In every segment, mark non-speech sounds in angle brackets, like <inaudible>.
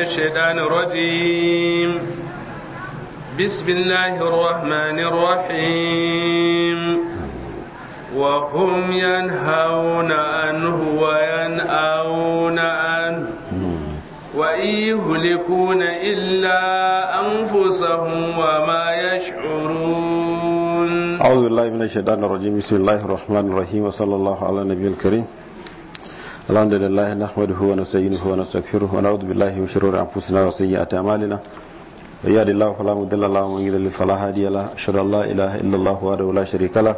الشيطان الرجيم بسم الله الرحمن الرحيم وهم ينهون عنه وينأون عنه وإن يهلكون إلا أنفسهم وما يشعرون أعوذ بالله من الشيطان الرجيم بسم الله الرحمن الرحيم وصلى الله على النبي الكريم الحمد لله نحمده ونستعينه ونستغفره ونعوذ بالله من شرور انفسنا وسيئات اعمالنا ويهد الله فلا مضل له ومن يضلل فلا هادي له اشهد ان لا اله الا الله وحده لا شريك له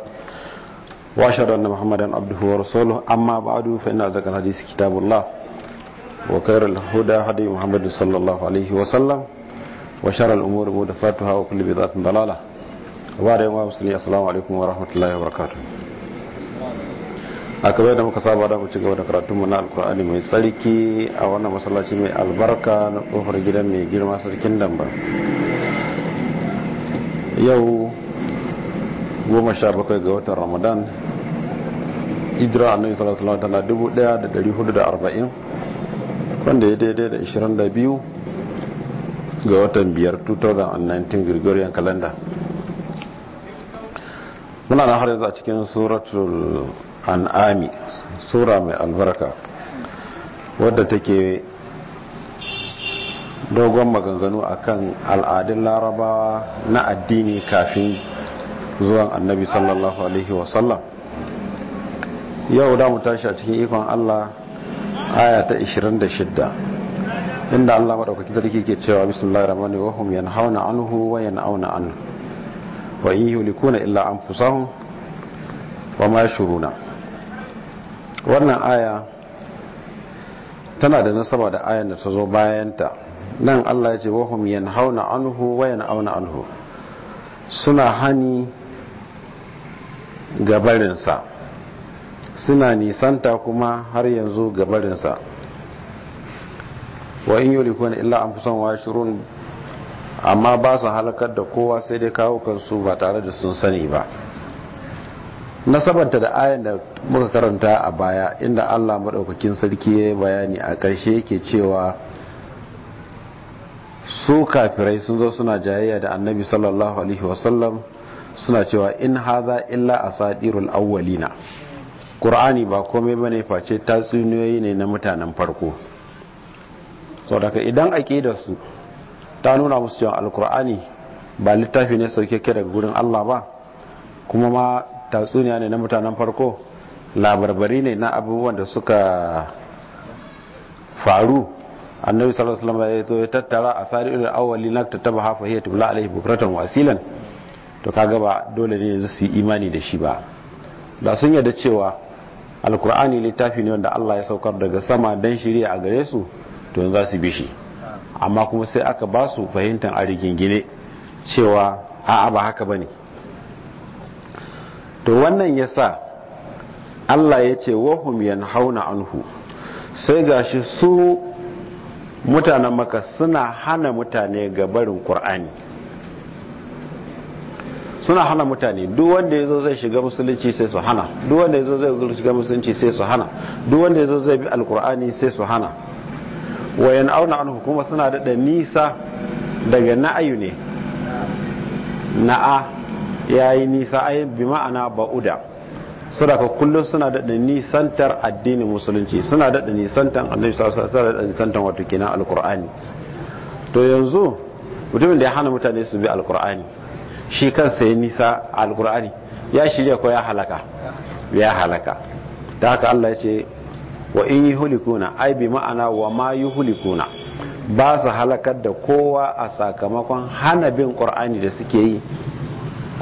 واشهد ان محمدا عبده ورسوله اما بعد فان ازكى الحديث كتاب الله وخير الهدى هدي محمد صلى الله عليه وسلم وشر الامور محدثاتها وكل بدعه ضلاله وبعد يوم السلام عليكم ورحمه الله وبركاته a kaba da muka saba da ci gaba da karatun mu na alkur'ani mai tsarki a wannan masallaci mai albarka na kofar gidan mai girma sarkin damba yau goma sha bakwai ga watan ramadan hijira annabi sallallahu alaihi na dubu daya da dari hudu da arba'in wanda ya daidai da ishirin da biyu ga watan biyar 2019 gregorian calendar muna na har yanzu a cikin suratul an'ami sura mai albarka wadda take dogon maganganu akan al'adun larabawa na addini kafin zuwan annabi sallallahu alaihi wasallam yau da tashi a cikin ikon allah aya ta 26 inda Allah madaukaki sarki ke cewa bismillahir rahmanir rahim yanhauna anhu wa yan'auna anhu wa in yulikuna illa anfusahum wa ma yashuruna wannan aya tana da nasaba da ayan da ta zo bayanta nan Allah ya ce hum yanhauna anhu wa yanauna anhu suna hani gabarinsa suna nisanta kuma har yanzu sa wa in yulikuna illa anfusan wa shurun amma ba su halakar da kowa sai dai kawo kansu ba tare da sun sani ba nasabanta da ayan da muka karanta a baya inda Allah maɗaukakin sarki ya bayani a ƙarshe yake cewa su kafirai sun zo suna jayayya da annabi sallallahu alaihi wasallam suna cewa in haza illa asatirul awwalina qur'ani ba komai bane face tatsuniyoyi ne na mutanen farko so daga idan da su ta nuna musu cewa alqur'ani ba littafi ne sauke daga gurin Allah ba kuma ma tatsuniya ne na mutanen farko labarbari ne na abubuwan da suka faru annabi sallallahu alaihi wasallam ya zo ya tattara asari'ul awwali na tattaba hafa hiya tubla alaihi bukratan wasilan to kaga ba dole ne yanzu su imani da shi ba da sun yarda cewa alkur'ani littafi ne wanda Allah ya saukar daga sama dan shirya a gare su to yanzu za su bi shi amma kuma sai aka ba su fahimtar a rigingine cewa a'a ba haka bane to wannan ya sa allah ya ce wahum yanhauna anhu sai gashi su mutanen maka suna hana mutane ga barin kur'ani. suna hana mutane duk wanda ya zo zai shiga musulunci sai su hana duk wanda ya zo zai shiga musulunci sai su hana duk wanda ya zo zai bi alkur'ani sai su hana wayan auna an hukuma suna daɗa nisa daga na'ayu ne na'a ya yi nisa ai bi ma'ana ba'uda sadaka kullum suna daɗa nisantar addinin musulunci suna daɗa nisantar annabi sallallahu alaihi wasallam nisantar wato kenan alqur'ani to yanzu mutumin da ya hana mutane su bi al'kur'ani shi kansa ya nisa alqur'ani ya shirya ko ya halaka ya halaka da haka Allah ya ce wa in yuhlikuna ai bi ma'ana wa ma yuhlikuna ba su halakar da kowa a sakamakon hana bin qur'ani da suke yi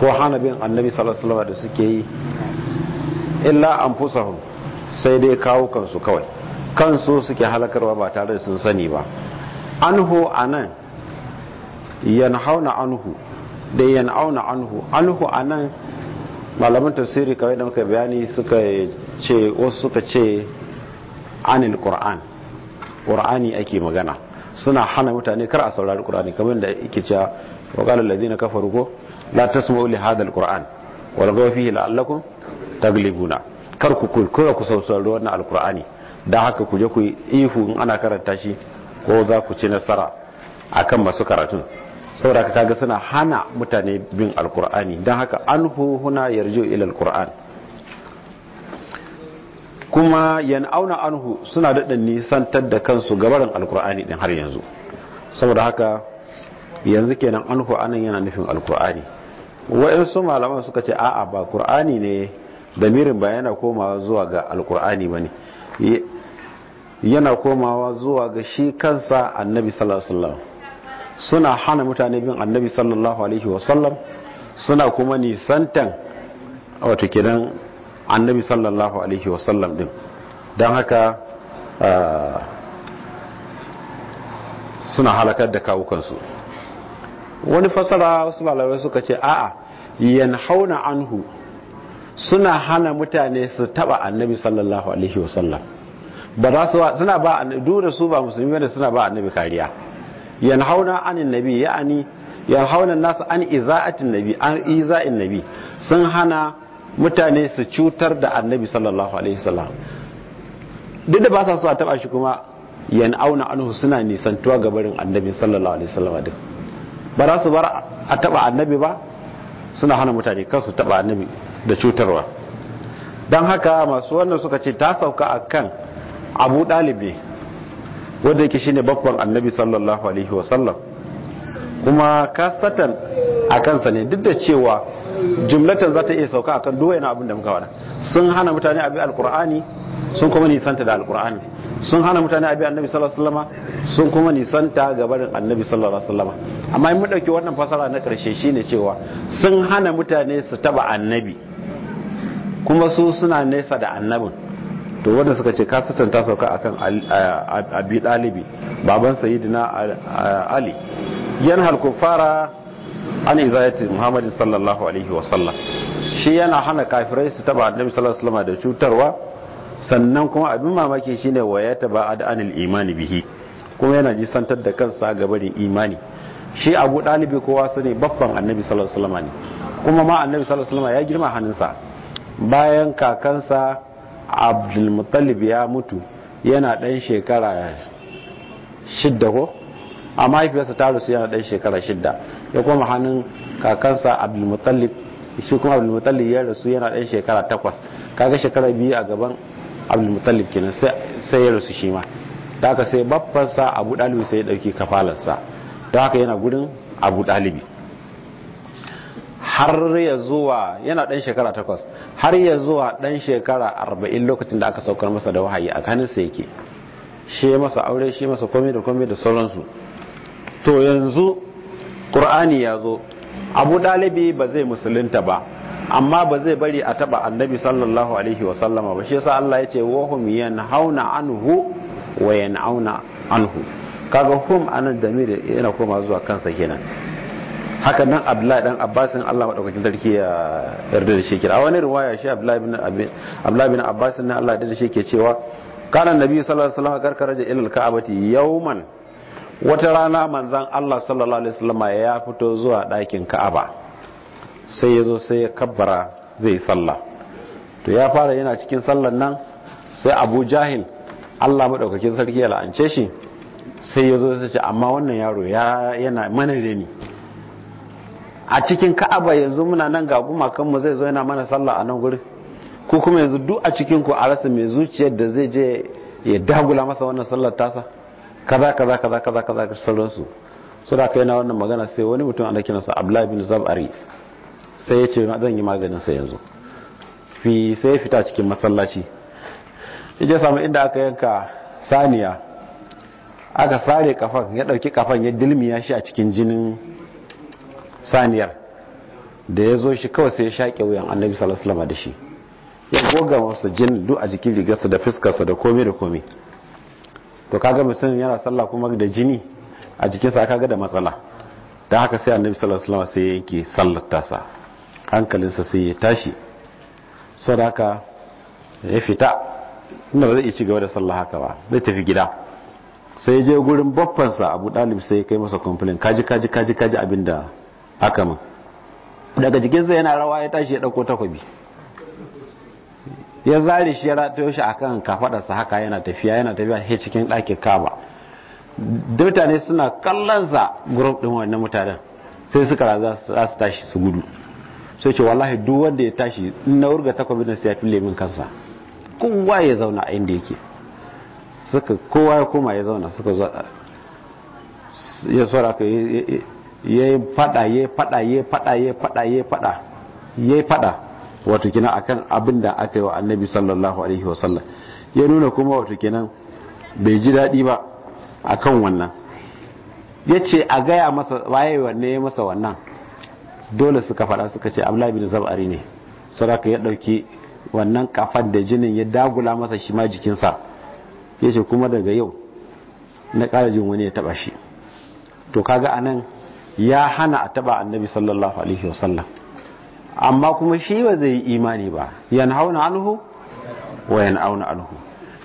ko hana bin annabi sallallahu da suke yi illa anfusahum sai dai kawo kansu kawai kansu suke halakarwa ba tare da sun sani ba anhu anan yanhauna anhu da yan'auna anhu anhu anan malaman tafsiri kawai da muka bayani suka ce wasu suka ce anil qur'an qur'ani ake magana suna hana mutane kar a saurari qur'ani kamar da yake cewa wa qala allazina kafaru ko la tasma'u li hadha alquran wa lagaw fihi la'allakum taglibuna kar ku kurkura ku saurari wannan alqur'ani da haka ku je ihu in ana karanta shi ko za ku ci nasara akan masu karatun saboda ga suna hana mutane bin alqur'ani dan haka anhu huna yarju ila alqur'an kuma yan auna anhu suna daɗin nisantar da kansu gabarin alkur'ani ɗin har yanzu saboda haka yanzu kenan anhu anan yana nufin alkur'ani su malaman suka ce a'a ba qur'ani ne damirin ba yana komawa zuwa ga ba ne yana komawa zuwa ga shi kansa annabi sallallahu alaihi suna hana mutane bin annabi sallallahu alaihi wasallam suna kuma nisantan wato kenan annabi sallallahu alaihi wasallam din don haka ah, suna halakar da kawukansu wani fasara wasu malamai suka ce a'a hauna anhu suna hana mutane su taba annabi sallallahu alaihi wasallam ba za su suna ba duk da su ba musulmi bane suna ba annabi kariya yanhauna anin nabi ya'ani hauna nasu an iza'atin nabi an iza'in nabi sun hana mutane su cutar da annabi sallallahu alaihi wasallam duk da ba sa so a taba shi kuma auna anhu suna nisantuwa gabarin annabi sallallahu alaihi wasallam din ba za su bar a taba annabi ba suna hana mutane kan su taba annabi da cutarwa don haka masu wannan suka ce ta sauka a kan abu ɗalibi wanda yake shine babban annabi sallallahu alaihi wasallam kuma kasatan a kansa ne duk da cewa jumlatan za ta iya sauka akan duwaye na abin da muka wada sun hana mutane abi alkur'ani sun kuma nisanta da alkur'ani sun hana mutane bi annabi sallallahu alaihi wasallama sun kuma nisanta ga barin annabi sallallahu alaihi wasallama amma in mun dauki wannan fasara na karshe shine cewa sun hana mutane su taba annabi kuma su suna nesa da annabin to wanda suka ce kasatan ta sauka akan abi dalibi baban sayyidina ali yanhal kufara an izayati muhammadin sallallahu alaihi wasallam shi yana hana kafirai su taba annabi sallallahu alaihi wasallama da cutarwa sannan kuma abin mamaki shine waya ta ba'ad da anil imani bihi kuma yana nisantar da kansa ga barin imani shi abu dalibi kowa su ne baffan annabi sallallahu alaihi wasallam kuma ma annabi sallallahu alaihi wasallam ya girma hannunsa bayan kakansa abdul muttalib ya mutu yana dan shekara shidda ko a mahaifiyarsa ta rasu yana dan shekara shidda ya koma hannun kakansa abdul muttalib shi kuma abdul muttalib ya rasu yana dan shekara takwas kaga shekara biyu a gaban abdulmutallib kenan sai ya rasu shi ma da aka sai babbansa abu dalibi sai ya ɗauki kafalarsa da aka yana gudun abu dalibi har ya zuwa yana ɗan shekara takwas har ya zuwa ɗan shekara arba'in lokacin da aka saukar masa da wahayi a sa yake shi masa aure shi masa komai da komai da sauransu to yanzu ƙur'ani ya zo abu ɗalibi ba zai musulunta ba amma ba zai bari a taba annabi sallallahu alaihi wa sallama ba shi yasa Allah ya ce wa hum yanhauna anhu wa yanauna anhu kaga hum anan damir yana koma zuwa kansa kenan haka nan abdullahi dan abbasin Allah madaukakin sarki ya yarda da shi kira wani riwaya shi abdullahi bin abdullahi bin abbasin nan Allah ya yarda da shi ke cewa kana nabi sallallahu alaihi wa sallam karkara da ilal ka'abati yawman wata rana manzan Allah sallallahu alaihi sallama ya fito zuwa dakin Ka'aba sai ya zo sai ya kabbara zai sallah to ya fara yana cikin sallan nan sai abu jahil allah maɗaukakin sarki ya la'ance shi sai ya zo sai ce amma wannan yaro yana mana reni a cikin ka'aba yanzu muna nan ga gumakanmu zai zo yana mana sallah a nan guri ko kuma yanzu duk a cikinku a rasa mai zuciyar da zai je ya dagula masa wannan sallar tasa kaza kaza kaza kaza kaza sauransu su da kai na wannan magana sai wani mutum ana kiransa abdullahi bin zab'ari sai ya ce zan yi maganin sa yanzu fi sai ya fita cikin masallaci ije samu inda aka yanka saniya aka sare kafan ya dauki kafan ya dilmiya shi a cikin jinin saniyar da ya zo shi kawai sai ya shaƙe wuyan annabi salasalama da shi ya goga masu jin duk a jikin rigarsa da fuskarsa da komai da komai to kaga mutum yana sallah kuma da jini a jikinsa ga da matsala da haka sai annabi salasalama sai yanke sallar tasa hankalinsa sai ya tashi sadaka ya fita inda ba zai iya cigaba da sallah haka ba zai tafi gida sai je gurin babbansa abu dalib sai ya kai masa complain kaji kaji kaji kaji abinda haka min daga jikinsa yana rawa ya tashi ya dauko takwabi ya zari shi ya ratayo shi kan kafadarsa haka yana tafiya yana tafiya he cikin ɗakin kaba mutane suna kallonsa gurup ɗin wannan mutanen sai suka raza su tashi su gudu sai ce wallahi duk wanda ya tashi na wurga takwabin da ya fille min kansa kowa ya zauna a inda yake suka kowa ya koma ya zauna suka zo ya tsora ka ya yi fada ya fada ya fada ya fada ya fada ya fada wato kina akan abin da aka yi wa annabi sallallahu alaihi wasallam ya nuna kuma wato kenan bai ji daɗi ba akan wannan ya ce a gaya masa waye wanne ya masa wannan dole suka fada suka ce abdullahi bin zab'ari ne sadaka ya dauki wannan kafar da jinin ya dagula masa shi ma jikinsa ya ce kuma daga yau na kara jin wani ya taba shi to kaga anan ya hana a taba annabi sallallahu alaihi wasallam amma kuma shi ba zai yi imani ba yana hauna alhu wa yana auna alhu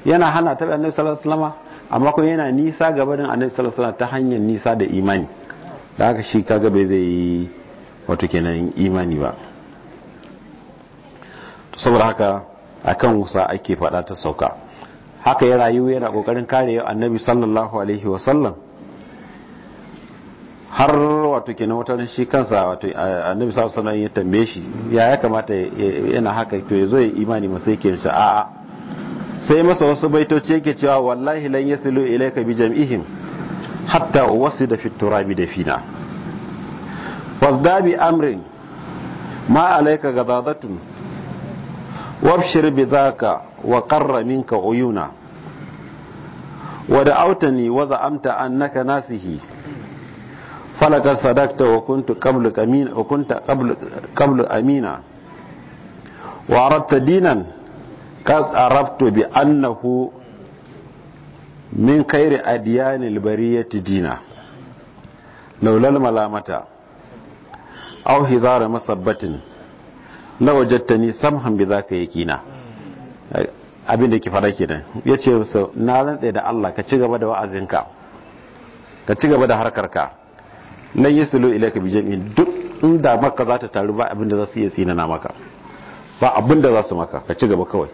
yana hana taba annabi sallallahu alaihi wasallam amma kuma yana nisa da annabi sallallahu alaihi wasallam ta hanyar nisa da imani da haka shi kaga bai zai yi wato kenan imani ba saboda haka akan wusa ake fada ta sauka haka ya rayu yana kokarin kare annabi sallallahu alaihi wasallam har wato kenan wata shi kansa wato annabi sallallahu alaihi ya tambaye shi ya ya kamata yana haka to yazo ya imani sai yake shi a'a sai masa wasu baitoci yake cewa wallahi lan yasilu ilayka bi jam'ihim hatta uwasida fi turabi dafina wasdabi amrin ma alaika gadadatun wabshir bi zaka wa qarra minka uyuna wa da'awtani wa za'amta annaka nasihi falaka sadakta wa kuntu qablu amina wa kunta qablu qablu amina wa aradta dinan qad araftu bi annahu min khairi adyanil bariyati dina laulal malamata aw hizara masabbatin la wajadtani samhan bi zaka yakina abin da ke fara kenan yace masa na rantsa da Allah ka ci gaba da wa'azinka ka ci gaba da harkarka lan yaslu ilayka bi jami'in duk inda maka za ta taru ba abin da za su iya na maka ba abin da za su maka ka ci gaba kawai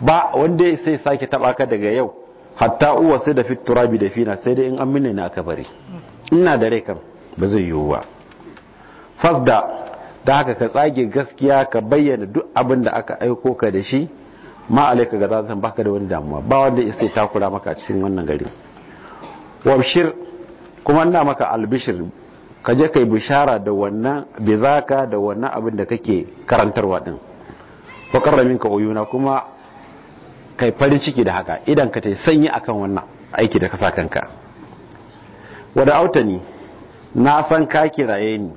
ba wanda sai sake taba ka daga yau hatta uwa sai da fit turabi da fina sai dai in an minne na kabari ina da rai kan ba zai yiwu ba fasda da haka ka tsage gaskiya ka bayyana duk abin da aka aiko ka da shi ma alaika ga zazan baka da wani damuwa ba wanda ya sai takura maka cikin wannan gari wabshir kuma ina maka albishir ka je kai bishara da wannan bizaka da wannan abin da kake karantarwa din wa karramin ka uyuna kuma kai farin ciki da haka idan ka tai sanyi akan wannan aiki da ka sa kanka wada autani na san ka kiraye ni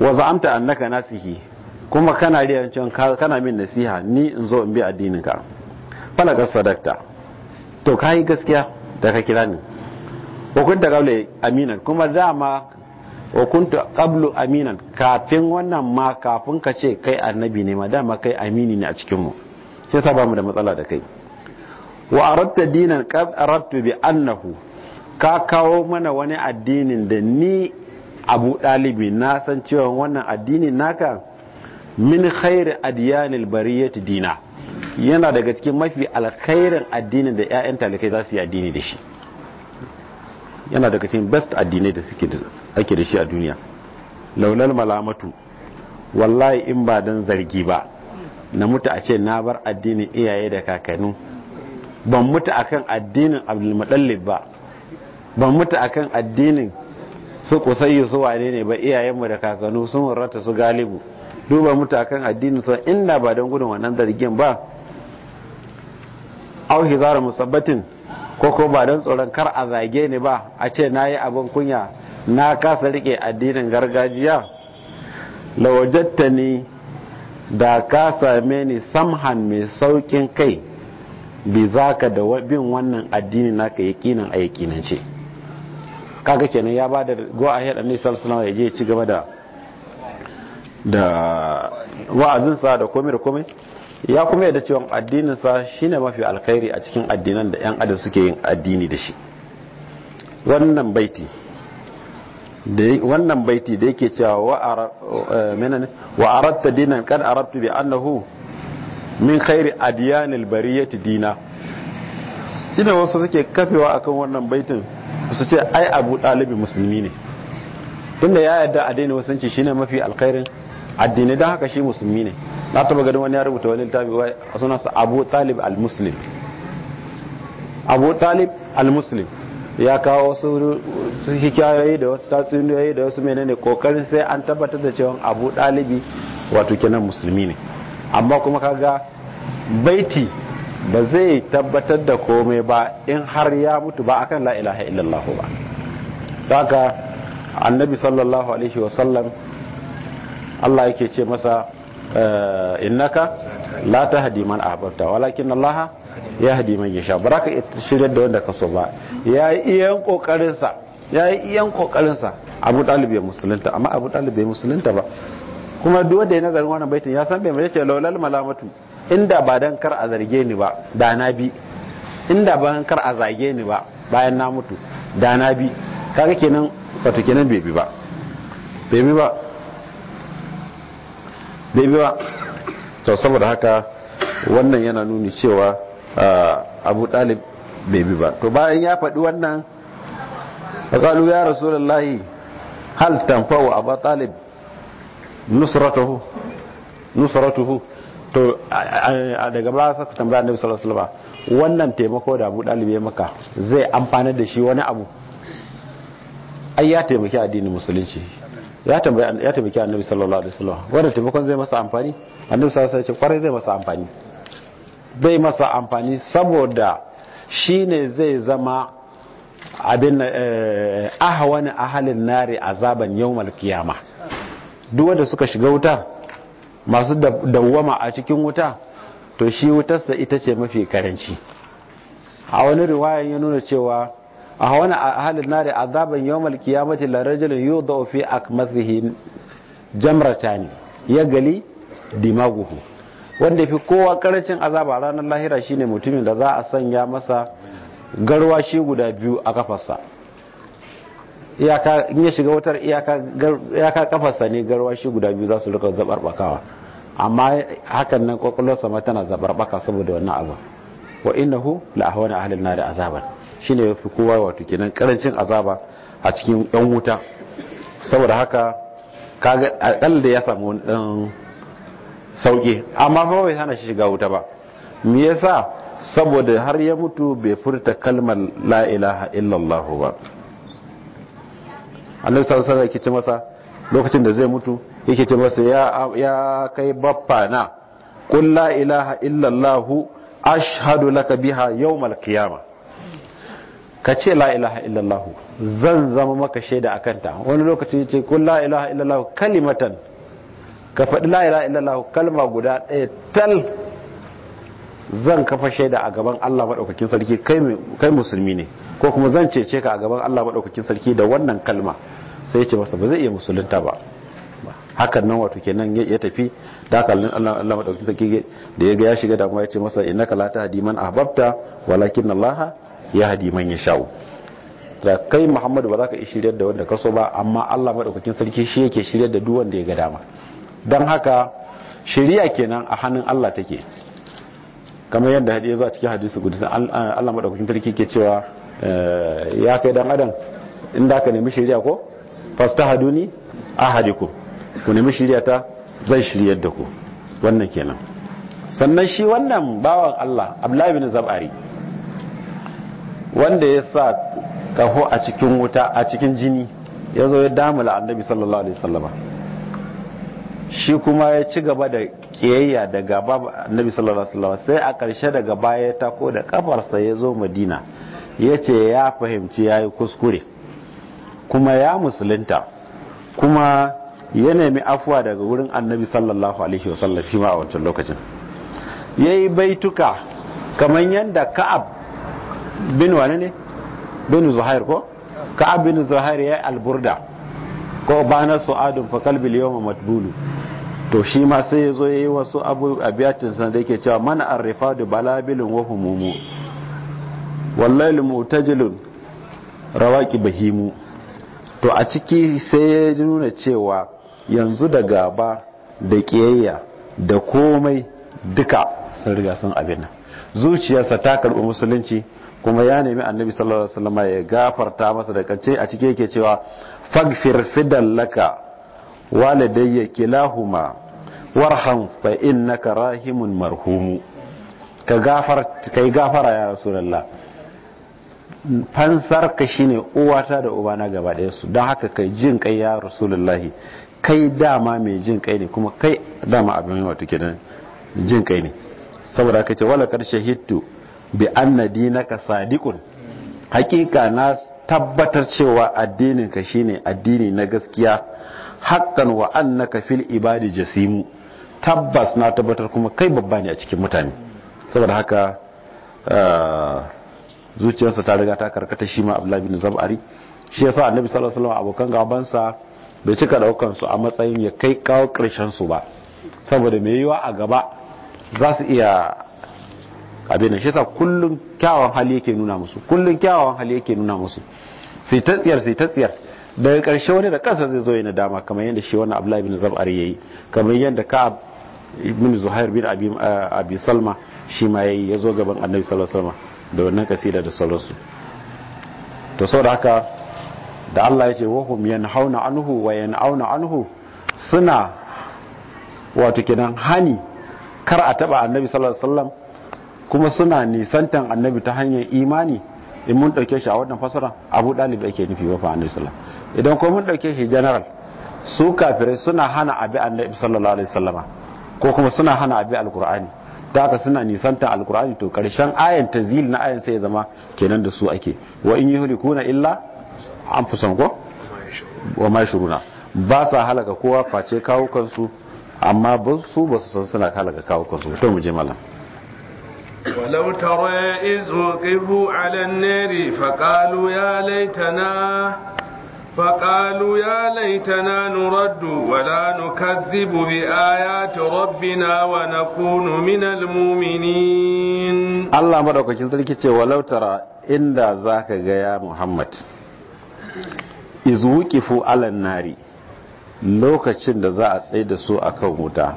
wa za'amta annaka nasihi kuma kana riyar cewa kana min nasiha ni in zo in bi addinin ka falaka sadakta to kai gaskiya da ka kira ni wa kunta qabla aminan kuma dama wa kunta qablu aminan kafin wannan ma kafin ka ce kai annabi ne ma dama kai amini ne a cikin mu sai yasa ba mu da matsala da kai wa aradta dinan qad aradtu bi annahu ka kawo mana wani addinin da ni abu ɗalibi na san cewa wannan addini naka min khairi adiyanil bariyati dina yana daga cikin mafi alkhairin addinin da 'ya'yan talikai za su yi addini da shi yana daga cikin best addinai da suke ake da shi a duniya launar malamatu wallahi in ba dan zargi ba na mutu a ce na bar addinin iyaye da kakanni ban mutu akan addinin abdulmutallib ba ban mutu akan addinin su kusayyu su wane ne ba iyayenmu da kakanu sun horata su galibu duba mutakan addinin su inda ba don gudun wannan zargin ba au hizara musabbatin ko ko ba don tsoron kar a zage ni ba a ce na yi abin kunya na kasa rike addinin gargajiya lawajatta ne da ka same ni samhan mai saukin kai bi ka da bin wannan addini naka yakinin a yakinance kaga kenan ya bada go ahead annabi sallallahu alaihi ya je ci gaba da da wa'azin sa da komai da komai ya kuma yadda cewa addinin sa shine mafi alkhairi a cikin addinan da yan adam suke yin addini da shi wannan baiti da wannan baiti da yake cewa wa menene wa aratta dinan kan arabtu bi annahu min khairi adyanil bariyati dina ina wasu suke kafewa akan wannan baitin su ce ai abu ɗalibi musulmi ne tunda ya yarda addinin wasanci shine mafi alkhairin addini da haka shi musulmi ne na taba ganin wani ya rubuta wani littafi wai suna abu talib al abu talib al ya kawo wasu hikayoyi da wasu tatsuniyoyi da wasu menene kokarin sai an tabbatar da cewa abu ɗalibi wato kenan musulmi ne amma kuma kaga baiti ba zai tabbatar da komai ba in har ya mutu ba akan la ilaha illallah ba daga annabi sallallahu alaihi wasallam Allah yake ce masa eh, innaka la tahdi man ahbabta walakin Allah hadi man yasha baraka ita shiryar da wanda kaso ba yayi iyan kokarin sa yayi iyan kokarin sa Abu Talib ya musulunta amma Abu Talib bai musulunta ba kuma duk wanda ya nazarin wannan baitin ya san bai mace laulal malamatu inda ba dan kar a zarge ni ba da na bi inda ba dan kar a zage ni ba bayan na mutu da na bi kaga kenan wato kenan bai bi ba bai bi ba bai bi ba to saboda haka wannan yana nuni cewa abu talib bai bi ba to bayan ya faɗi wannan faƙalu ya rasulullahi hal tanfa'u abu talib nusratuhu nusratuhu to a daga baya saka tambaya annabi sallallahu alaihi wasallam wannan taimako da Abu dalibi ya maka zai amfana da shi wani abu ai ya taimaki addinin musulunci ya tambaya ya taimaki annabi sallallahu alaihi wasallam wannan taimakon zai masa amfani annabi sallallahu alaihi wasallam ya ce kwarai zai masa amfani zai masa amfani saboda shine zai zama abin eh, ahwani ahalin nari azaban yawmal kiyama duk wanda suka shiga wuta masu dawwama a cikin wuta to shi wutarsa ita ce mafi karanci a wani riwayan ya nuna cewa a wani halin nari azaban yawmal yau da rajulun a fi jamrata ne ya gali dimaguhu wanda fi kowa karancin azaba ranar lahira shi ne mutumin da za a sanya masa garwashi guda biyu a kafarsa in ya shiga wutar iyaka kafarsa ne garwashi guda biyu za su rika zabarbakawa amma hakan nan kwakwalwarsa ma tana zabarbaka saboda wannan abu wa innahu la ahwana ahlin nar azaban shine yafi kowa wato kenan karancin azaba a cikin yan wuta saboda haka kaga akalla ya samu wani dan sauki amma fa bai hana shi shiga wuta ba me yasa saboda har ya mutu bai furta kalmar la ilaha illallah ba Allah sallallahu alaihi wasallam yake ce masa lokacin da zai mutu yake ce masa ya kai baffa na qul la ilaha illallah ashhadu laka biha yawmal malkiyama ka ce la ilaha illallah zan zama maka shaida a kanta wani lokaci ce kun la ilaha illallah kalimatan ka faɗi la ilaha illallah kalma guda ɗaya tal zan kafa shaida a gaban Allah maɗaukakin sarki kai musulmi ne ko kuma zan cece ka a gaban Allah maɗaukakin sarki da wannan kalma sai ce masa ba zai iya musulunta ba hakan nan wato kenan ya tafi da kallon Allah madaukakin sarki da ya ga ya shiga damuwa ya ce masa innaka la tahdi man ahbabta walakin Allah yahdi man yasha da kai Muhammadu ba za ka shiryar da wanda kaso ba amma Allah madaukakin sarki shi yake shiryar da duk wanda ya ga dama dan haka shiriya kenan a hannun Allah take kamar yadda hadisi zuwa cikin hadisi gudun Allah madaukakin sarki ke cewa eh, ya kai dan adam inda ka nemi shiriya ko fastahaduni ahadikum ku nemi shirya ta zai shiryar da ku wannan kenan sannan shi wannan bawan Allah Abdullahi bin Zabari wanda ya sa kaho a cikin wuta a cikin jini ya zo ya damula annabi sallallahu alaihi wasallama shi kuma ya ci gaba da kiyayya daga babu annabi sallallahu alaihi wasallama sai a karshe daga baya ya tako da kafarsa ya zo Madina ya ce ya fahimci ya yi kuskure kuma ya musulunta kuma ya nemi afuwa daga wurin annabi sallallahu alaihi wasallam shi ma a wancan lokacin Ya yi baituka kamar yanda ka'ab bin wani ne bin zuhair ko ka'ab bin zuhair yi alburda ko bana su'adun fa qalbi yawma matbulu to shi ma sai ya zo ya yi wasu abubuwan abiyatin san da yake cewa mana arrifa da balabilun wa humumu wallahi mutajilun rawaki bahimu to a ciki sai ya nuna cewa yanzu da gaba da ƙiyayya da komai duka sun riga sun abin zuciyarsa ta karɓi musulunci kuma ya nemi annabi sallallahu alaihi wasallam ya gafarta masa da kace a cike yake cewa faghfir fidal laka walidayya kilahuma warham fa innaka rahimun marhumu ka gafar kai gafara ya rasulullah fansar ka shine uwata da ubana gaba gabaɗaya su don haka kai jin kai ya rasulullahi kai dama mai jin kai ne kuma kai dama abin wata kenan jin kai ne saboda ce wala karshe shahidtu bi anna naka sadikun hakika na tabbatar cewa addinin ka shine addini na gaskiya hakan wa an na fil ibadi jasimu tabbas na tabbatar kuma kai babba ne a cikin mutane saboda haka ah, zuciyarsa ta riga ta karkata shi ma Abdullahi bin Zab'ari shi ya sa Annabi sallallahu alaihi wasallam abokan gabansa bai cika daukan su a matsayin ya kai kawo karshen su ba saboda mai yiwa a gaba za su iya abin shi sa kullun kyawawan hali yake nuna musu kullun kyawawan hali yake nuna musu sai ta tsiyar sai ta tsiyar daga karshe wani da kansa zai zo yana dama kamar yadda shi wannan Abdullahi bin Zab'ar yayi kamar yadda ka ibn Zuhair bin Abi eh, Abi Salma shi ma yayi yazo gaban Annabi sallallahu da wannan kasida da sauransu to saboda haka da Allah ya ce wahum yanhauna anhu wa yanauna anhu suna wato kidan hani kar a taba annabi sallallahu alaihi wasallam kuma suna nisantan annabi ta hanyar imani in mun dauke shi a wannan fasara Abu Dalib yake nufi wa fa annabi sallallahu alaihi wasallam idan ko mun dauke shi general su kafirai suna hana abi annabi sallallahu alaihi wasallam ko kuma suna hana abi alqur'ani da haka suna nisanta alkur'ani to karshen ayan tanzil na ayan sai ya zama kenan da su ake wa in yuhlikuna illa an fi son wa ma na ba sa halaka kowa face kawo kansu amma su ba su san suna halaka kawo kansu to mu je malam ولو ترى إذ وقفوا على النار فقالوا يا ليتنا فقالوا يا ليتنا نرد ولا نكذب بآيات ربنا ونكون من المؤمنين الله مدوكاكين sarki ce walau inda zaka ka gaya Muhammad iz alan nari lokacin da za a tsaye da su akan wuta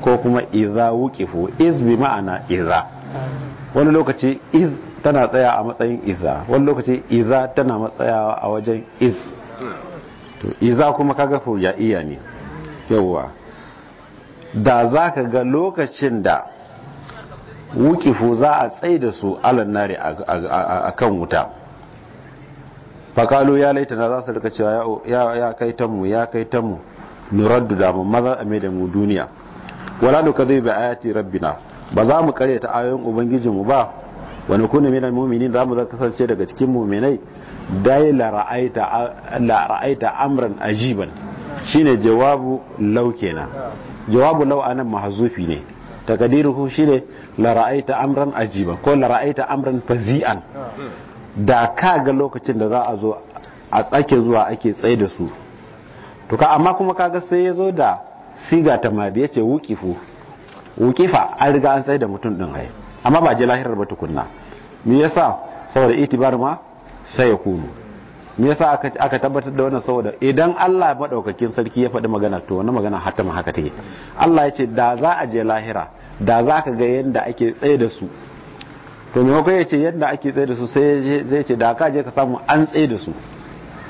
ko kuma iza wukifu iz bi ma'ana iza wani lokaci iz tana tsaya a matsayin iza wani lokaci iza tana matsayawa a wajen iz to iza kuma kaga ya iya ne yawwa da za ka ga lokacin da wukifu za a tsaye da su alan nari a kan wuta fakalu ya na za su rika cewa ya kai ta mu ya kai ta mu nuraddu da mu maza a mai da mu duniya wala nuka zai bi ayati rabbina ba za mu kare ta ayoyin ubangijinmu ba wa kuna minal mu'minin za mu kasance daga cikin mu'minai dai la ra'aita amran ajiban shine jawabu lau kenan jawabu lau anan mahazufi ne takdiruhu shine la ra'aita amran ajiban ko la ra'aita amran fazi'an da ka ga lokacin da za a zo a tsake zuwa ake tsaye da su to ka amma kuma kaga sai ya zo da siga ta madi ya ce wukifu wukifa an riga an tsaye da mutum din hai amma ba je lahirar ba tukunna me yasa saboda itibar ma sai ya kunu me yasa aka tabbatar da wannan saboda idan Allah madaukakin sarki ya faɗi magana to wannan magana hatta ma haka take Allah ya ce da za a je lahira da za ka ga yanda ake tsaye da su to maimakon ya ce yadda ake tsaye da su sai zai ce da ka je ka samu an tsaye da su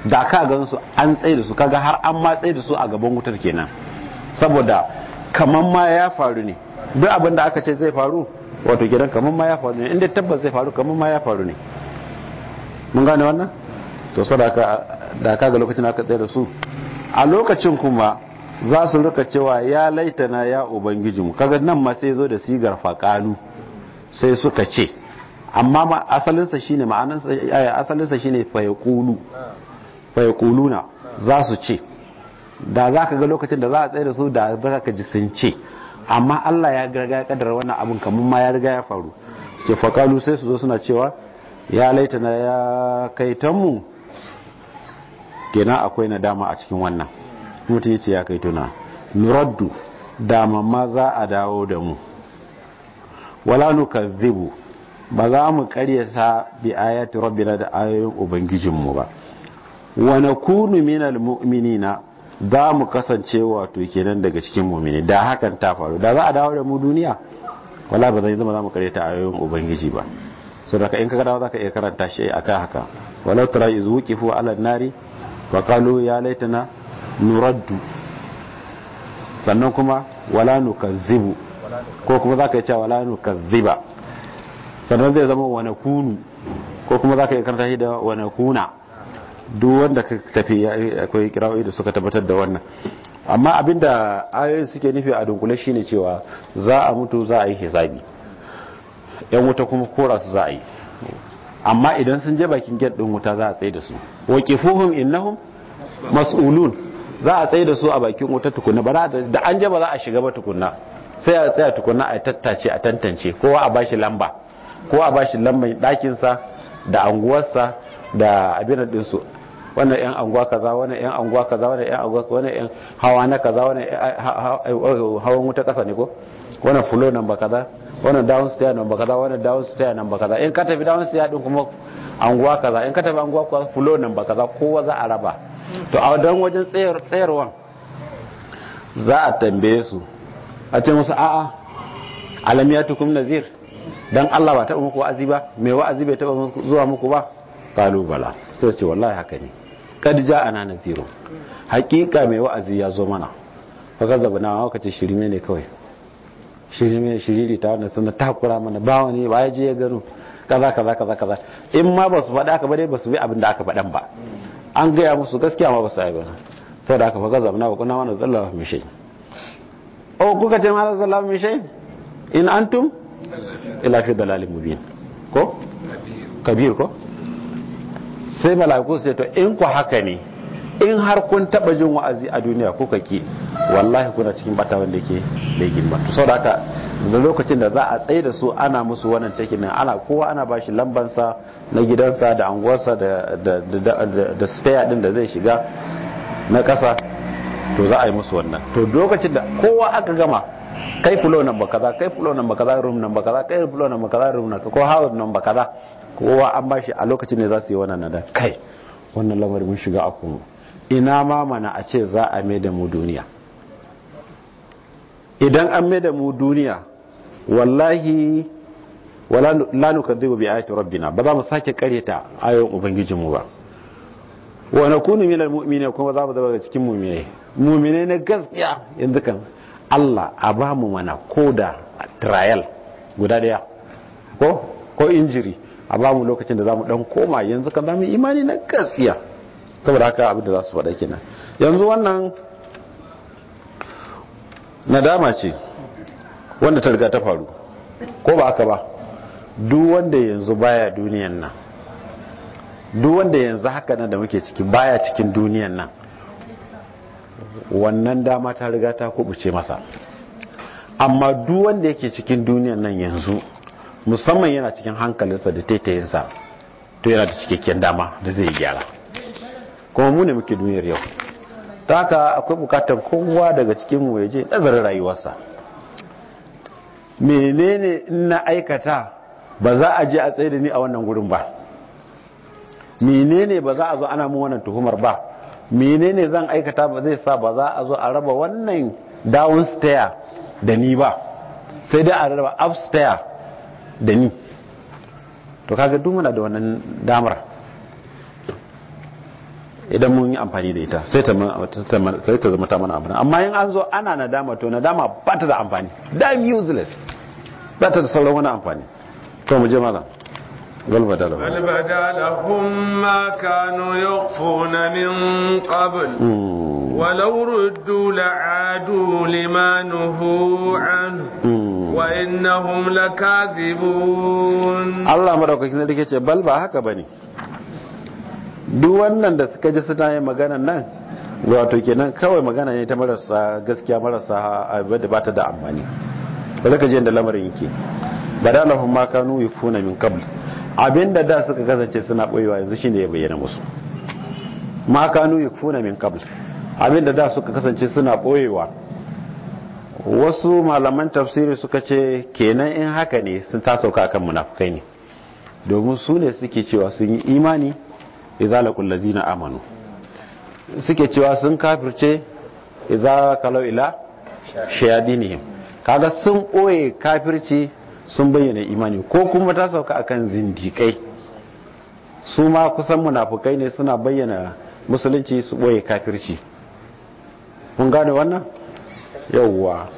da ka gan su an tsaye da su kaga har an ma tsaye da su a gaban wutar kenan saboda kaman ma ya faru ne duk abin da aka ce zai faru wato gidan kaman ma ya faru ne inda tabbas zai faru kaman ma ya faru ne mun gane wannan to sadaka da ka ga lokacin aka tsaye da su a lokacin kuma za su rika cewa ya laitana ya ubangijinmu kaga nan ma sai zo da sigar faƙalu sai suka ce amma asalinsa shine ma'anansa eh, asalinsa shine fayaqulu na za su ce da za ka ga lokacin da za a tsaye da su da za ka ji sun ce amma Allah ya garga ya kadar wannan abin kamar ma ya riga ya faru ke fakalu sai su zo suna cewa ya laita na ya tanmu kenan akwai nadama a cikin wannan mutum ya ce ya kaituna nuraddu dama ma za a dawo da mu wala nukazzibu ba za mu karyata bi ayati rabbina da ayoyin ubangijinmu ba wa nakunu minal mu'minina za mu kasance wato kenan daga cikin mu'mini da hakan ta faru da za a dawo da mu duniya wala ba zai zama za mu karyata ayoyin ubangiji ba saboda in ka dawo za ka iya karanta shi akan haka wala tara iz wuqifu ala nari wa qalu ya laitana nuraddu sannan kuma wala nukazzibu ko kuma za ka yi cewa wala nukazziba sannan zai zama wane kunu ko kuma za ka yi karta shi da wane kuna duk wanda ka tafi akwai kira'o'i da suka tabbatar da wannan amma abinda ayoyin suke nufi a dunkule shine cewa za a mutu za a yi hisabi yan wuta kuma kora su za a yi amma idan sun je bakin gate din wuta za a tsaye da su waqifuhum innahum mas'ulun za a tsaye da su a bakin wuta tukunna ba da an je ba za a shiga ba tukunna sai a tsaya tukunna a tattace a tantance kowa a bashi lamba ko a bashi lamai dakinsa da anguwarsa da abin dinsu wannan yan anguwa kaza wannan yan anguwa kaza wannan yan anguwa wannan yan hawa na kaza wannan eh, oh, hawa wuta kasa ne ko wannan flow ba kaza wannan down stair ba kaza wannan down stair ba kaza in ka tafi down stair din kuma anguwa kaza in ka tafi anguwa kaza flow ba kaza kowa za a raba to a dan wajen tsayar tsayarwan za a tambaye su a ce musu a'a alamiyatukum nazir dan Allah ba taɓa muku wa'azi ba mai wa'azi bai taɓa zuwa muku ba kalubala sai ce wallahi haka ne kad na naziru hakika mai wa'azi ya zo mana fa kazabna wa kace shirme ne kawai shirme shiriri ta wannan sunna takura mana ba wani ba ya je ya gano kaza kaza kaza kaza in ma ba su faɗa ka ba dai ba su bi abin da aka faɗan ba an gaya musu gaskiya ma ba su aiba sai da aka fa gazabna wa kuna mana zallahu min shay o oh, kuka ce ma zallahu min shay in antum ila fi dalalin mubin ko kabir ko sai mala'iku sai to in ku haka ne in har kun taba jin wa'azi a duniya kuka kake wallahi kuna cikin bata wanda yake da ba to saboda haka da lokacin da za a tsaye da su ana musu wannan cikin nan ana kowa ana bashi lambansa na gidansa da anguwarsa da da da din da zai shiga na kasa to za a yi musu wannan to lokacin da kowa aka gama kai fulo number kaza kai fulo number kaza room number kaza kai fulo number kaza room number ko nan number kaza kowa an bashi a lokacin ne za su yi wannan nada kai wannan lamarin mun shiga akun ina ma mana a ce za a mai da mu duniya idan an mai da mu duniya wallahi wala la nukadhibu bi ayati rabbina ba za mu sake kareta ayoyin mu ba wa nakunu minal mu'minina kuma za mu zama cikin mu'mine mu'mine na gaskiya yanzu kan Allah a ba mu mana ko da trial guda daya ko ko injiri a ba mu lokacin da za mu dan koma yanzu kan za mu imani na gaskiya saboda haka abin da za su faɗa kenan yanzu wannan nadama ce wanda ta riga ta faru ko ba aka ba duk wanda yanzu baya duniyan nan duk wanda yanzu haka nan da muke ciki baya cikin duniyan nan wannan dama ta riga ta kubuce masa amma duk wanda yake cikin duniyan nan yanzu musamman yana cikin hankalinsa da taitayinsa to yana da cikakken dama da zai yi gyara kuma mu ne muke duniyar yau ta haka akwai bukatar kowa daga cikin mu ya je nazarin rayuwarsa menene na aikata ba za a je a tsaye da ni a wannan gurin ba menene ba za a zo ana mu wannan tuhumar ba menene zan aikata ba zai sa ba za a zo a raba wannan downstairs da ni ba sai dai a raba upstairs da ni to kaga dumuna da wannan damar idan mun yi amfani da ita sai ta zama ta mana amfani amma yin an zo ana dama to dama ba ta da amfani damn useless ba ta da sauran wani amfani to mu je malam بل بدا لهم ما كانوا يخفون من قبل ولو ردوا لعادوا لما نهوا عنه وإنهم لكاذبون الله كنت كذلك بل بحك بني duk wannan da suka ji suna yin maganan nan wato kenan kawai magana ne ta marasa gaskiya marasa abu da bata da amfani rika jin da lamarin yake badalahum ma kanu min qabl abinda da suka kasance suna boyewa yanzu shine ya bayyana musu ma kanu yakfuna min qabl abinda da suka kasance suna boyewa wasu malaman tafsiri suka ce kenan in haka ne sun ta sauka kan munafukai ne domin su ne suke cewa sun yi imani izalakul lazina amanu suke cewa sun kafirce izakalau ila shayadinihim kaga sun ɓoye kafirci sun bayyana imani ko kuma ta sauka akan zindikai su ma kusan munafukai ne suna bayyana musulunci su boye kafirci kun gane wannan yawwa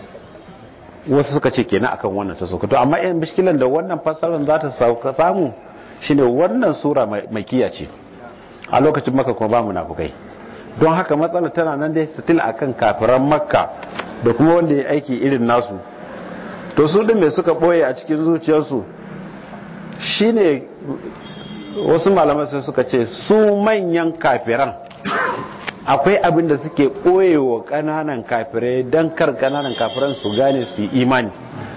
wasu suka ce kenan akan wannan ta sauka to amma yan bishkilan da wannan fassarar za ta sauka samu shine wannan sura mai kiyace a lokacin maka kuma ba munafukai don haka matsalar tana nan dai still akan kafiran makka da kuma wanda ya aiki irin nasu to su din mai suka boye a cikin zuciyarsu shine wasu malamai sai suka ce su manyan kafiran akwai abin da suke boyewa wa kananan kafirai don kar kananan kafiran su gane su yi imani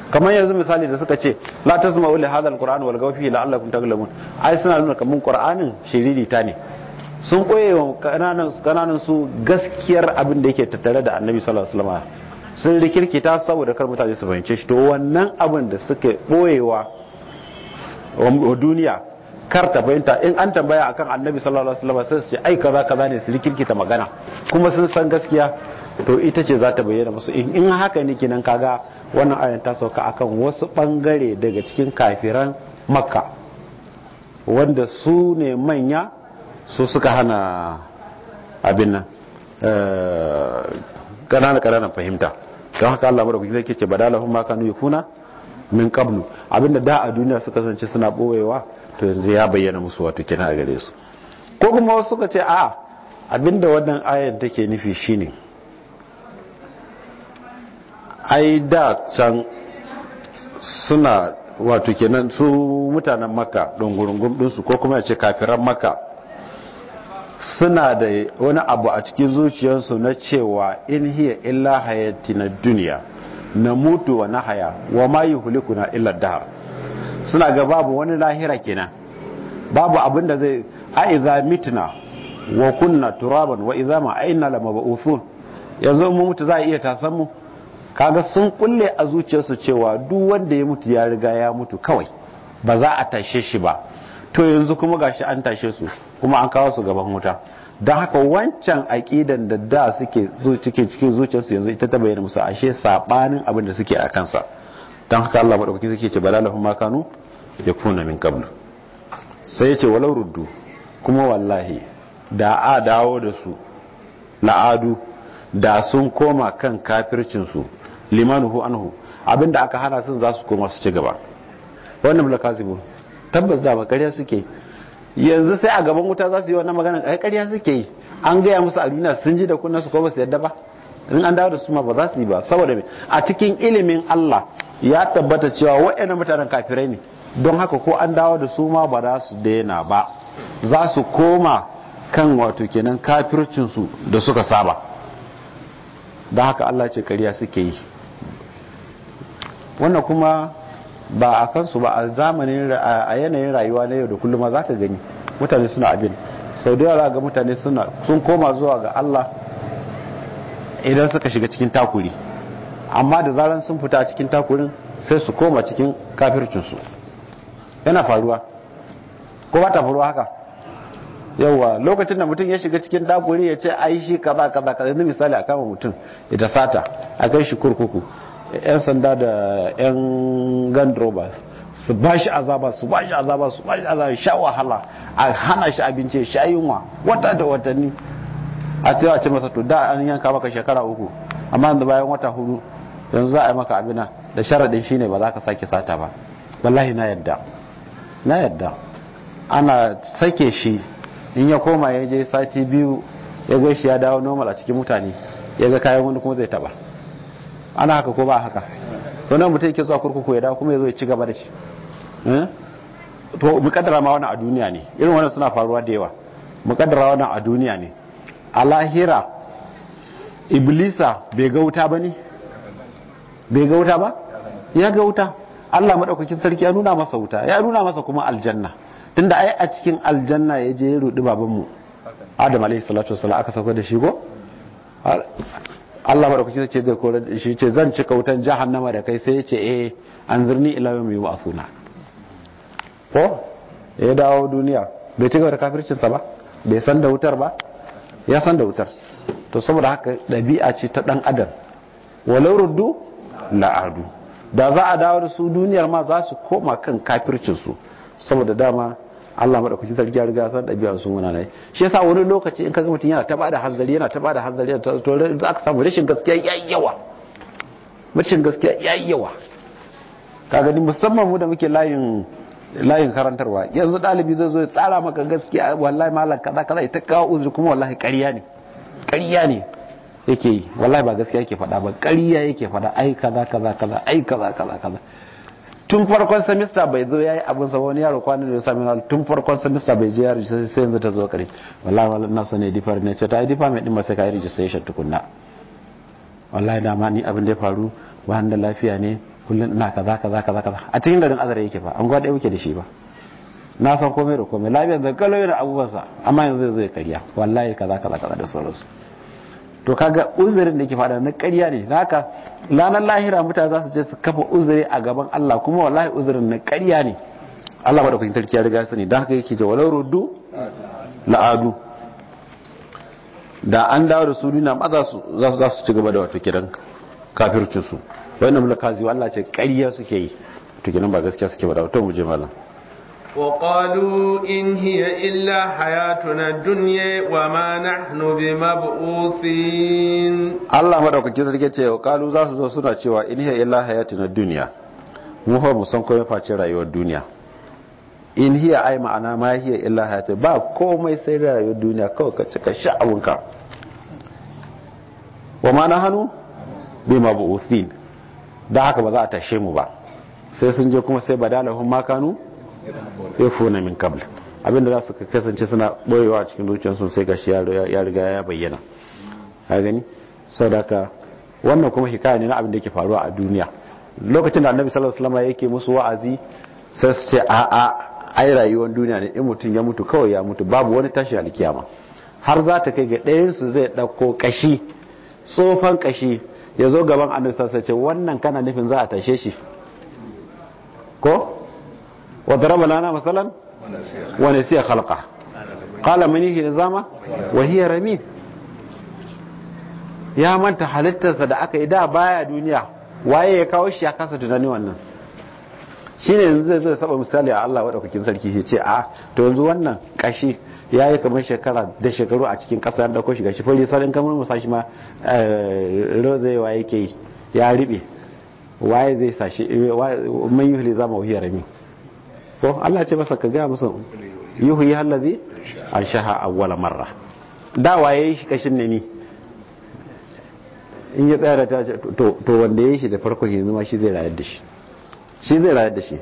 kamar yanzu misali da suka ce la tasma'u li hadha alquran wal allah la'allakum taghlamun ai suna nuna kamun qur'anin shiririta ne sun koye wa kananan su gaskiyar abin da yake tattare da annabi sallallahu alaihi sun rikirkita saboda kar mutane su fahimce shi to wannan abin da suke boyewa um, wa duniya kar ta fahimta in an tambaya akan annabi sallallahu alaihi wasallam sai su ai kaza kaza ne su rikirkita magana kuma sun san gaskiya to ita ce za ta bayyana musu in haka ne kinan kaga wannan ayan ta sauka akan wasu bangare daga cikin kafiran makka wanda su ne manya su suka hana abin nan eh, kanana kananan fahimta don haka Allah madaukaki ke ce ba badalahum ma kanu yakuna min kabnu abinda da a duniya suka kasance suna boyewa to yanzu ya bayyana musu wato kina a gare su ko kuma wasu suka ce a abinda wannan ayan take nufi shine ai da can suna wato kenan su mutanen makka dungurungum dinsu ko kuma ya ce kafiran makka suna da wani abu a cikin zuciyarsu na cewa in hiya illa hayati na duniya na mutu wa na haya wa ma yi na illa dahar suna ga babu wani lahira kenan babu abin da zai a iza mitina wa kunna turaban wa iza ma aina la mabu'uthun yanzu mu mutu za a iya tasan mu kaga sun kulle a zuciyarsu cewa duk wanda ya mutu ya riga ya mutu kawai ba za a tashe shi ba to yanzu kuma gashi an tashe su kuma an kawo su gaban wuta don haka wancan aƙidan da da suke cikin zuciyarsu yanzu ita ta bayyana musu ashe saɓanin abin da suke a kansa don haka Allah maɗaukaki suke ce bala lahum makano ya kuna min qablu sai ce walau ruddu kuma wallahi da a dawo da su la'adu da sun koma kan kafircinsu limanuhu anhu abinda aka hana sun za su koma su ci gaba wannan bulakazibu tabbas da ba suke yanzu sai a gaban wuta za su yi wannan magana kai ƙarya suke yi an gaya musu a duniya sun ji da kunna su ko ba su yadda ba in an dawo da su ma ba za su yi ba saboda me a cikin ilimin Allah ya tabbata cewa waɗannan mutanen kafirai ne don haka ko an dawo da su ma ba za su daina ba za su koma kan wato kenan kafircin su da suka saba da haka Allah ce ƙarya suke yi wannan kuma ba a kansu ba a zamani a yanayin rayuwa na yau da kullum za ka gani mutane suna abin sau da yawa ga mutane sun koma zuwa ga Allah idan suka shiga cikin takuri amma da zaran sun fita cikin takurin sai su koma cikin kafircinsu yana faruwa ko ba ta faruwa haka yauwa lokacin da mutum ya shiga cikin takuri ya ce Aishi kaza kaza kaza yanzu misali a kama mutum ya sata a kai shi kurkuku 'yan sanda da 'yan gandroba su ba shi azaba su ba shi azaba su ba shi azaba sha wahala a hana shi abinci sha yunwa wata da watanni a cewa ce masa to da an yanka maka shekara uku amma yanzu bayan wata hudu yanzu za a yi maka abina da sharaɗin shine ba za ka sake sata ba wallahi na yadda na yadda ana sake shi in ya koma ya je sati biyu ya gaishe ya dawo normal a cikin mutane ya ga kayan wani kuma zai taba ana haka ko ba haka So nan mutum ke zuwa kurkuku ya dawo kuma ya zo ya ci gaba da shi eh? to mukaddara ma wannan a duniya ne irin wannan suna faruwa da yawa mukaddara wannan a duniya ne a lahira iblisa bai ga wuta ba ne bai ga wuta ba ya ga wuta Allah madaukakin sarki ya nuna masa wuta ya nuna masa kuma aljanna tunda ai a cikin aljanna ya je ya rudi babanmu Adam alayhi salatu wasallam aka sauka da shi ko Allah madaukaki zai ce zai kore shi ce zan cika wutan jahannama da kai sai ya ce eh anzirni ila mai wa'afuna. ko ya dawo duniya bai cigaba da kafircinsa ba bai san da wutar ba ya san da wutar to saboda haka ɗabi'a ce ta ɗan adam walau ruddu la'adu da za a dawo da su duniyar ma za su koma kan kafircinsu saboda dama Allah madaukakin sarki ya riga san dabi'a sun muna ne shi yasa wani lokaci in kaga mutun yana ta bada hanzari yana ta bada hanzari to za ka samu rashin gaskiya yayyawa yawa rashin gaskiya yayyawa yawa ni musamman mu da muke layin layin karantarwa yanzu dalibi zai zo ya tsara maka gaskiya wallahi malam kaza kaza ita kawo uzuri kuma wallahi ƙarya ne ƙarya ne yake yi wallahi ba gaskiya yake faɗa ba ƙarya yake faɗa ai kaza kaza kaza ai kaza kaza kaza tun farkon semester bai zo yayi abin sa wani yaro kwanan da ya sami na tun farkon semester bai je ya register sai yanzu ta zo kare wallahi wallahi na sani difar ne ce ta yi difa mai din ba sai ka yi registration tukunna wallahi dama ni abin da ya faru ba da lafiya ne kullum ina kaza kaza kaza kaza a cikin garin azara yake ba an gwa da yake da shi ba na san komai da komai lafiya da kalau yana abubuwansa amma yanzu zai karya wallahi kaza kaza kaza da sauransu to kaga uzurin da ke fada na karya ne haka lanar lahira mutane za su je su kafa uzuri a gaban Allah kuma wallahi uzurin na karya ne Allah ba da kwanci tarki ya riga sani don haka yake jawalar rudu la'adu da an dawo da su duniya maza su za su ci gaba da wato kiran kafircinsu wannan mulkazi Allah ce ƙarya suke yi to ba gaskiya suke ba da wato mu je malam وقالوا إن هي إلا حياتنا الدنيا وما نحن بمبعوثين الله مدعوك كيسر كيسر وقالوا ذات سنة شوى إن هي إلا حياتنا الدنيا muho musan kome face rayuwar duniya in hiya ai ma'ana ma hiya illa hayatu ba komai sai rayuwar duniya kawai ka cika sha'awunka wa ma hannu bi mabu'uthin da haka ba za a tashe mu ba sai sun je kuma sai badalahum ma ya funa min kabla abinda za su kasance suna boyewa a cikin zuciyarsu sai gashi ya riga ya bayyana a gani sadaka wannan kuma hikaya ne na abin da yake faruwa a duniya lokacin da annabi sallallahu alaihi wasallam yake musu wa'azi sai su ce a a ai rayuwar duniya ne in mutum ya mutu kawai ya mutu babu wani tashi alkiyama har za ta kai ga ɗayan su zai ɗauko kashi tsofan kashi ya zo gaban annabi sallallahu alaihi wasallam ce wannan kana nufin za a tashe shi ko وضرب لنا مثلا ونسي خلقه قال من هي نظاما وهي رميم ya manta halittarsa da aka yi da baya duniya waye ya kawo shi ya kasa tunani wannan shi ne yanzu zai zai saba misali a Allah waɗaukakin sarki ya ce a to yanzu wannan ƙashi ya yi kamar shekara da shekaru a cikin ƙasa yadda ko shiga shi fari sarin kamar musa shi ma rozai waye yake ya riɓe waye zai sashi man yi zama wahiyar rami ko Allah ce masa ka ga masa yuhu ya allazi an shaha awwala marra dawa yayi shi kashin ne ni in ya tsaya ta to to wanda yayi shi da farko yanzu ma shi zai rayar da shi shi zai rayar da shi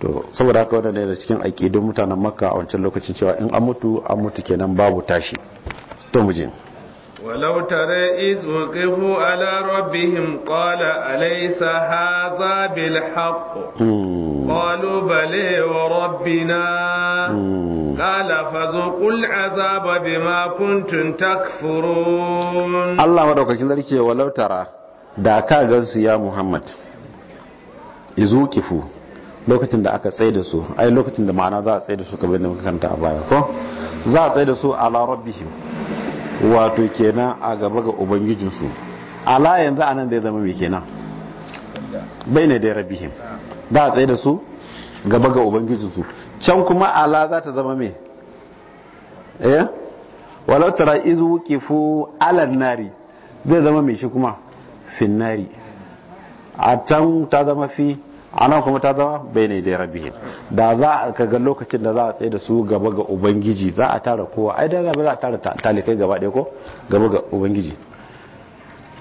to saboda haka wannan ne da cikin aqidun mutanen makka a wancan lokacin cewa in an mutu an mutu kenan babu tashi to muje ولو ترى إذ وقفوا على ربهم قال أليس هذا بالحق قالوا بلى وربنا قال فذوقوا العذاب بما كنتم تكفرون الله ودوكاكين ذلك ولو ترى داكا ka يا محمد إذ وقفوا lokacin da aka tsaye da su ai lokacin da ma'ana za a tsaye da su kamar da muka kanta a baya ko za a tsaye da su ala rabbihim wato kenan a gaba ga ubangijinsu ala yanzu a nan da ya zama mai kenan bai ne da rabihim da a tsaye da su gaba ga ubangijinsu can kuma ala za ta zama mai ya eh? walau tara izu wukifu alan nari zai zama mai shi kuma finnari a can ta zama fi anan kuma ta zama bai ne da rabihim da za a ga lokacin da za a tsaye da su gaba ga ubangiji za a tara kowa ai da za a tara talikai gaba ɗaya ko gaba ga ubangiji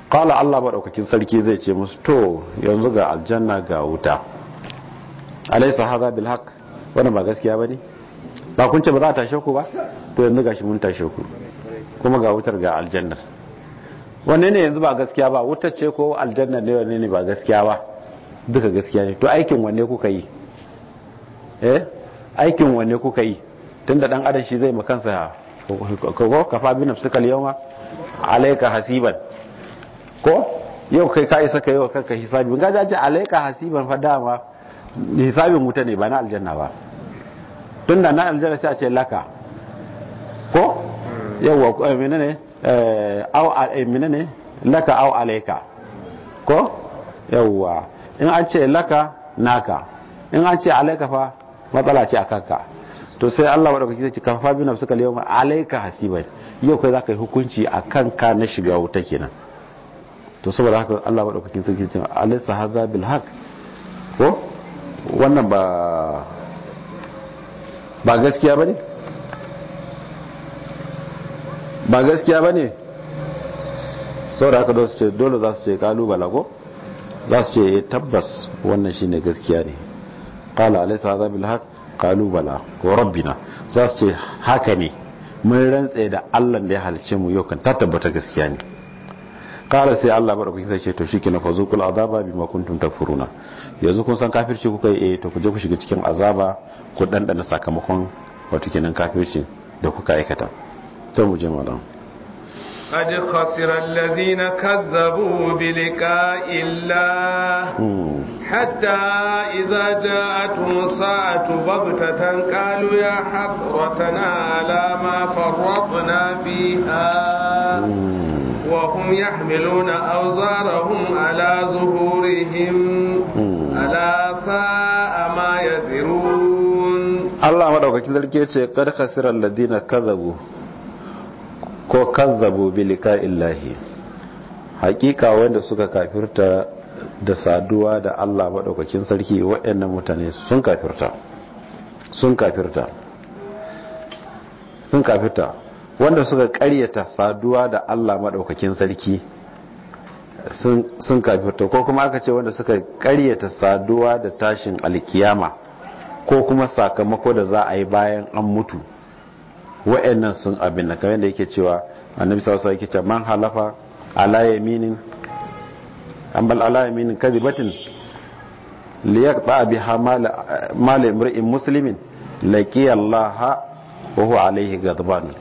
kala allah maɗaukakin sarki zai ce musu to yanzu ga aljanna ga wuta alaisa haza bil haq wannan ba gaskiya ba ne ba kun ce ba za a tashe ku ba to yanzu gashi mun tashe ku kuma ga wutar ga aljannar wanne ne yanzu ba gaskiya ba wutar ce ko aljannar ne wanne ne ba gaskiya ba duka gaskiya ne to aikin wanne kuka yi eh aikin wanne kuka yi tunda dan adam shi zai makansa ko kafa bi nafsika al-yawma alayka hasiban ko yau kai ka isa kai wa kanka hisabi ga jaji alayka hasiban fa dama hisabin wuta ne ba na aljanna ba tunda na aljanna sai a ce laka ko yawa eh, menene eh au eh, menene laka au alayka ko yauwa in an ce laka naka in an ce alaika fa matsala ce a kanka to sai Allah wa daukaki zai kafa suka nafsuka ma alaika hasibai yau kai ka yi hukunci a kanka na shiga wuta kenan to saboda haka Allah wa daukaki zai ce alaisa haza bil haqq ko wannan ba ba gaskiya bane ba gaskiya bane saboda haka dole dole za su ce kalubala ko za su ce eh, tabbas wannan shine gaskiya ne kala alaysa za bi haqq kalubala ko rabbina za su ce haka ne mun rantse da Allah da ya halice mu yau kan ta gaskiya ne kala sai Allah barkaku sai ce to shikenan fa kula azaba bi kuntum takfuruna yanzu kun san kafirci kuka yi a eh, to ku je ku shiga cikin azaba ku ɗanɗana sakamakon wato kenan kafirci da kuka aikata to mu je قد خسر الذين كذبوا بلقاء الله حتى إذا جاءت ساعة بغتة قالوا يا حسرتنا على ما فرطنا فيها وهم يحملون أوزارهم على ظهورهم ألا ساء ما يزرون الله مدعوك كذلك يتشي قد خسر الذين كذبوا ko kazzabu bi illahi hakika wanda suka kafirta da saduwa da Allah madaukakin sarki waɗannan mutane sun kafirta sun kafirta sun kafirta wanda suka ƙaryata saduwa da Allah madaukakin sarki sun kafirta ko kuma aka ce wanda suka ƙaryata saduwa da tashin alkiyama ko kuma sakamako da za a yi bayan an mutu wa'annan sun abin na kamar da yake cewa annabi sallallahu alaihi wasallam man halafa ala yaminin an bal ala yaminin li yaqta biha mal imri'in muslimin laqi Allah wa huwa alaihi ghadban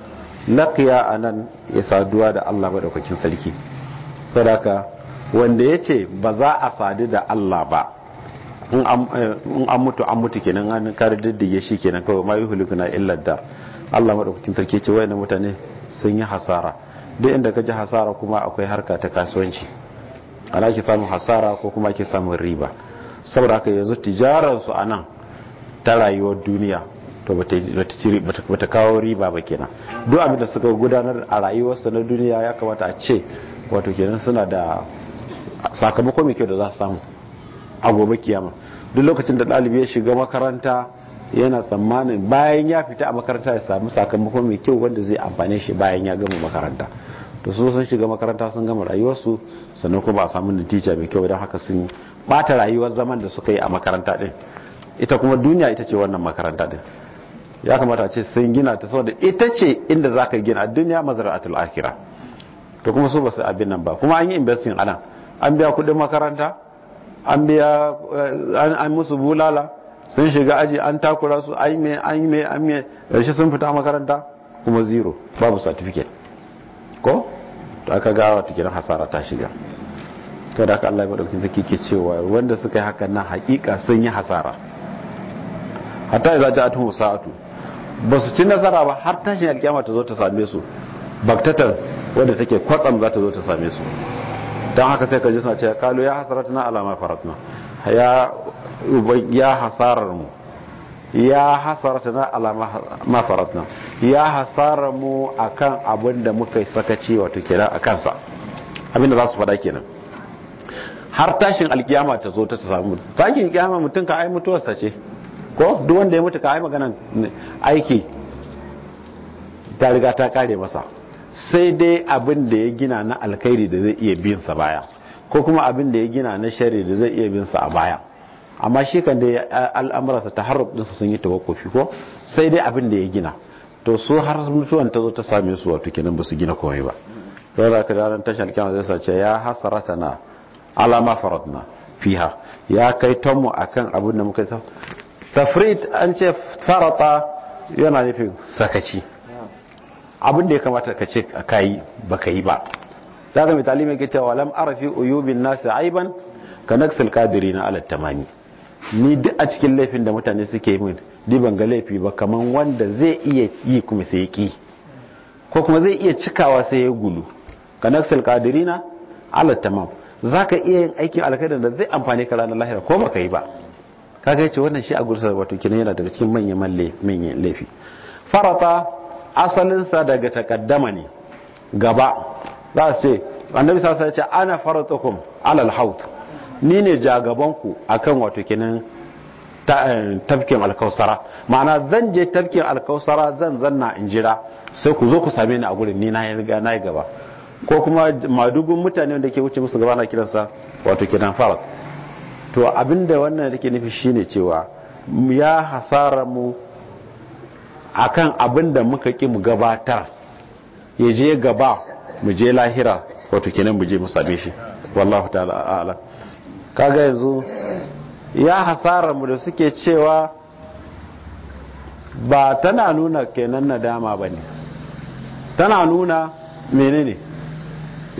laqiya anan ya saduwa da Allah madaukakin sarki sadaka wanda yace ba za a sadu da Allah ba eh, in an mutu an mutu kenan an kare diddige shi kenan kawai ma yuhlikuna illa dar Allah madaukakin sarki ce wayannan mutane sun yi hasara duk inda ka ji hasara kuma akwai harka ta kasuwanci ana ke samun hasara ko kuma ke samun riba saboda haka yanzu tijarar su anan ta rayuwar duniya to bata kawo riba ba kenan duk abin da suka gudanar a rayuwarsa na duniya ya kamata a ce wato kenan suna da sakamako mai kyau da za su samu a gobe kiyama duk lokacin da ɗalibi ya shiga makaranta yana tsammanin bayan ya fita a makaranta ya samu sakamako mai kyau wanda zai amfane shi bayan ya gama makaranta to su sun shiga makaranta sun gama rayuwarsu sannan kuma a samu natija mai kyau don haka sun bata rayuwar zaman da suka yi a makaranta din ita kuma duniya ita ce wannan makaranta din ya kamata a ce sun gina ta saboda ita ce inda za ka gina a duniya mazara mazara'atul akira to kuma su basu abin nan ba kuma an yi investing anan an biya kuɗin makaranta an biya eh, an musu bulala sun shiga aji an takura su ai me ai me ai me shi sun fita makaranta kuma zero babu certificate ko to aka gawa ta kiran hasara ta shiga to da aka Allah ya madaukakin kike ke cewa wanda suka yi hakan na hakika sun yi hasara hatta idza ja'atuhum sa'atu ba su ci nasara ba har tashin alƙiyama ta zo ta same su baktatar wadda take kwatsam za ta zo ta same su don haka sai ka ji suna ce kalu ya hasaratuna alama faratuna ya ya hasarar mu ya hasarata na alama ya hasarar mu kan abin da muka sakaci wato kenan a kansa abin za su faɗa kenan har tashin alkiyama ta zo ta samu tankin kiyama mutum ka ai mutuwarsa ce ko duk wanda ya mutu ka ai maganan aiki ta riga ta kare masa sai dai abin da ya gina na alkhairi da zai iya bin sa baya ko kuma abin da ya gina na shari da zai iya bin sa a baya amma shi kan da al'amuransa ta harruf ɗinsa sun yi tawakkufi ko sai dai abin da ya gina to su har mutuwan ta zo ta same su wato kenan ba su gina komai ba don da ran tashar kyan zai sace ya hasarata na alama faradna fiha ya kai tonmu akan abin da muka ta tafrit an ce farata yana nufin sakaci abin da ya kamata ka ce ka yi ba ka yi ba Ta mai talimin ke cewa lam arafi uyubin nasi aiban ka naksil kadiri na alat tamani ni duk a cikin laifin da mutane suke yi min ni ban ga laifi ba kaman wanda zai iya yi kuma sai ya ki ko kuma zai iya cikawa sai ya gulu ka naksal qadirina ala tamam zaka iya yin aikin alkhairin da zai amfane ka ranar lahira ko baka yi ba kaga yace wannan shi a gursa wato kinan yana daga cikin manyan manyan laifi farata asalinsa daga takaddama ne gaba za a ce annabi sallallahu alaihi wasallam ya ce ana faratukum alal haut ni ne jagabanku akan wato kenan eh, tafkin alkausara ma'ana zan je tafkin alkausara zan zanna in jira sai ku zo ku same ni a gurin ni na riga na gaba ko kuma madugun mutane wanda ke wuce musu gaba na kiransa wato kenan farat to abinda wannan da ke nufi shine cewa ya hasara mu akan abinda muka ƙi mu gabatar ya je gaba mu je lahira wato kenan mu je mu same shi wallahu ta'ala kaga yanzu ya hasara mu da suke cewa ba tana nuna kenan nadama ba ne tana nuna menene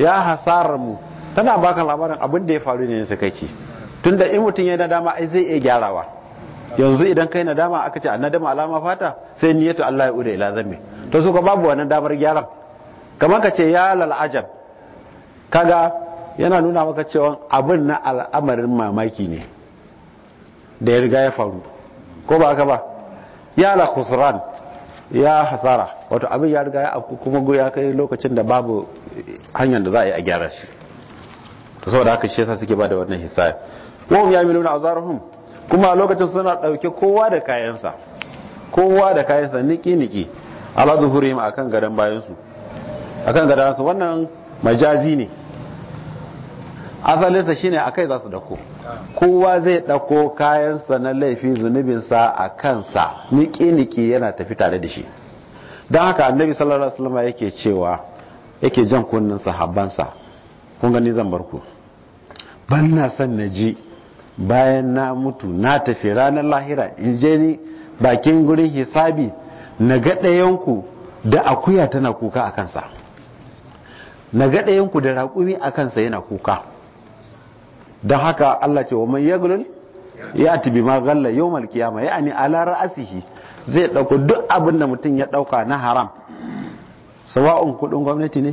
ya hasara mu tana baka labarin abin da ya faru ne na takaici tunda in mutum ya nadama ai zai iya gyarawa yanzu idan kai nadama aka ce nadama alama fata sai niyyatu Allah ya uda ila zame to su ka babu wannan damar gyaran kamar ka ce ya lalajab kaga yana nuna maka cewa abin na al'amarin mamaki ne da ya riga ya faru ko ba aka ba ya la kusuran ya hasara wato abin ya riga ya afku kuma ya kai lokacin da babu hanyar da za a yi a gyara shi saboda haka shi yasa suke ba da wannan hisaya wahum a azarhum kuma lokacin suna dauke kowa da kayansa kowa da kayansa niki niki ala zuhurihim akan gadan bayansu akan gadan su wannan majazi ne asalinsa shine a kai za su dako kowa zai dako kayansa na laifi zunubinsa a kansa niki-niki yana tafi tare da shi don haka annabi sallallahu alaihi wasallam yake cewa yake jan kunnin sahabbansa kun gani zan bar ku ban na san na ji bayan na mutu na tafi ranar lahira in je ni bakin gurin hisabi na ga ɗayanku da akuya tana kuka a kansa na ga ɗayanku da raƙumi a kansa yana kuka don haka Allah ce wa man yaglul ya ati bi ma galla yawmal qiyamah ya'ani ala ra'sihi zai dauko duk abin da mutum ya dauka na haram sawa'un kudin gwamnati ne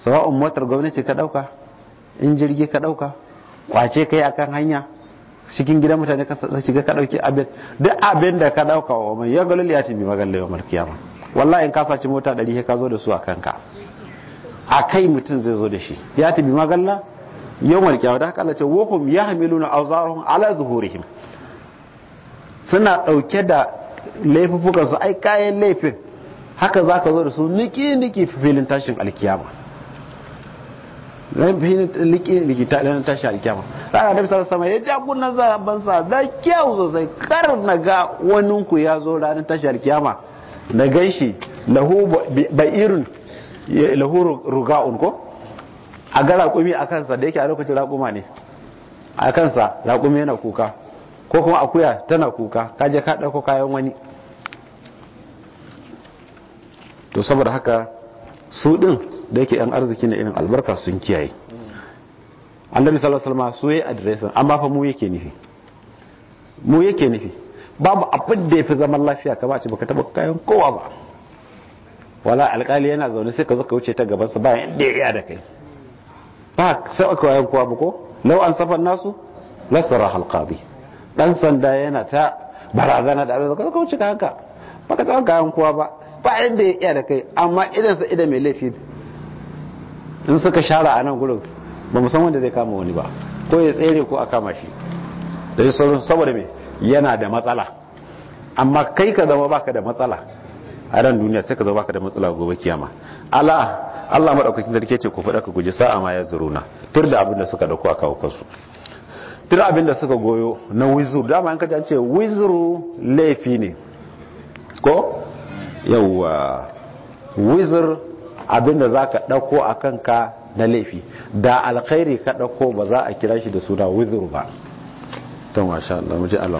sawa'un motar gwamnati ka dauka in jirgi ka dauka kwace kai akan hanya cikin gidan mutane ka shiga ka dauki abin duk abin da ka dauka wa mai yaglul ya ati bi ma galla yau malkiyama. wallahi in ka saci mota 100 ka zo da su a kanka a kai mutum zai zo da shi ya ati bi ma galla yawmal qiyamah da haka Allah ce ya hum yahmiluna awzarahum ala zuhurihim suna dauke da laifukan su ai kayan laifin haka za ka zo da su niki niki filin tashin alkiyama ran fi niki niki tashin alkiyama da ka sallallahu sama ya ja kunnan ban sa da kyau sosai kar naga wanin ku ya zo ranar tashin alkiyama na shi lahu ba'irun lahu ruga'un ko a ga raƙumi a kansa da yake a lokacin raƙuma ne a kansa raƙumi yana kuka ko kuma akuya tana kuka kaje ka ɗauko kayan wani to saboda haka su ɗin da yake yan arziki na irin albarka sun kiyaye an da misalar salma su yi adiresin amma fa mu yake nufi mu yake nufi babu abin da ya fi zaman lafiya ka ba ce baka taba kayan kowa ba wala alƙali yana zaune sai ka zo ka wuce ta gabansa bayan da ya da kai ba sai aka wayan kowa ba ko lau an safan nasu lasara halqadi dan sanda yana ta barazana da abin ka wuce ka haka ba ka tsawon kayan kowa ba ba inda ya iya da kai amma idan sa idan mai laifi in suka shara a nan gurin ba san wanda zai kama wani ba ko ya tsere ko a kama shi da sauran saboda me yana da matsala amma kai ka zama baka da matsala a ran duniya sai ka zo baka da matsala gobe kiyama ala Allah madaukakin sarki ce ku fada ku guji sa'a ma ya zuruna tur da abin da suka dauko a kawo kansu tur abin da suka goyo na wizuru dama an kaji an ce wizuru laifi ne ko yawwa wizur abin da zaka dauko a kanka na laifi da alkhairi ka dauko ba za a kira shi da suna wizuru ba to masha Allah mu ji Allah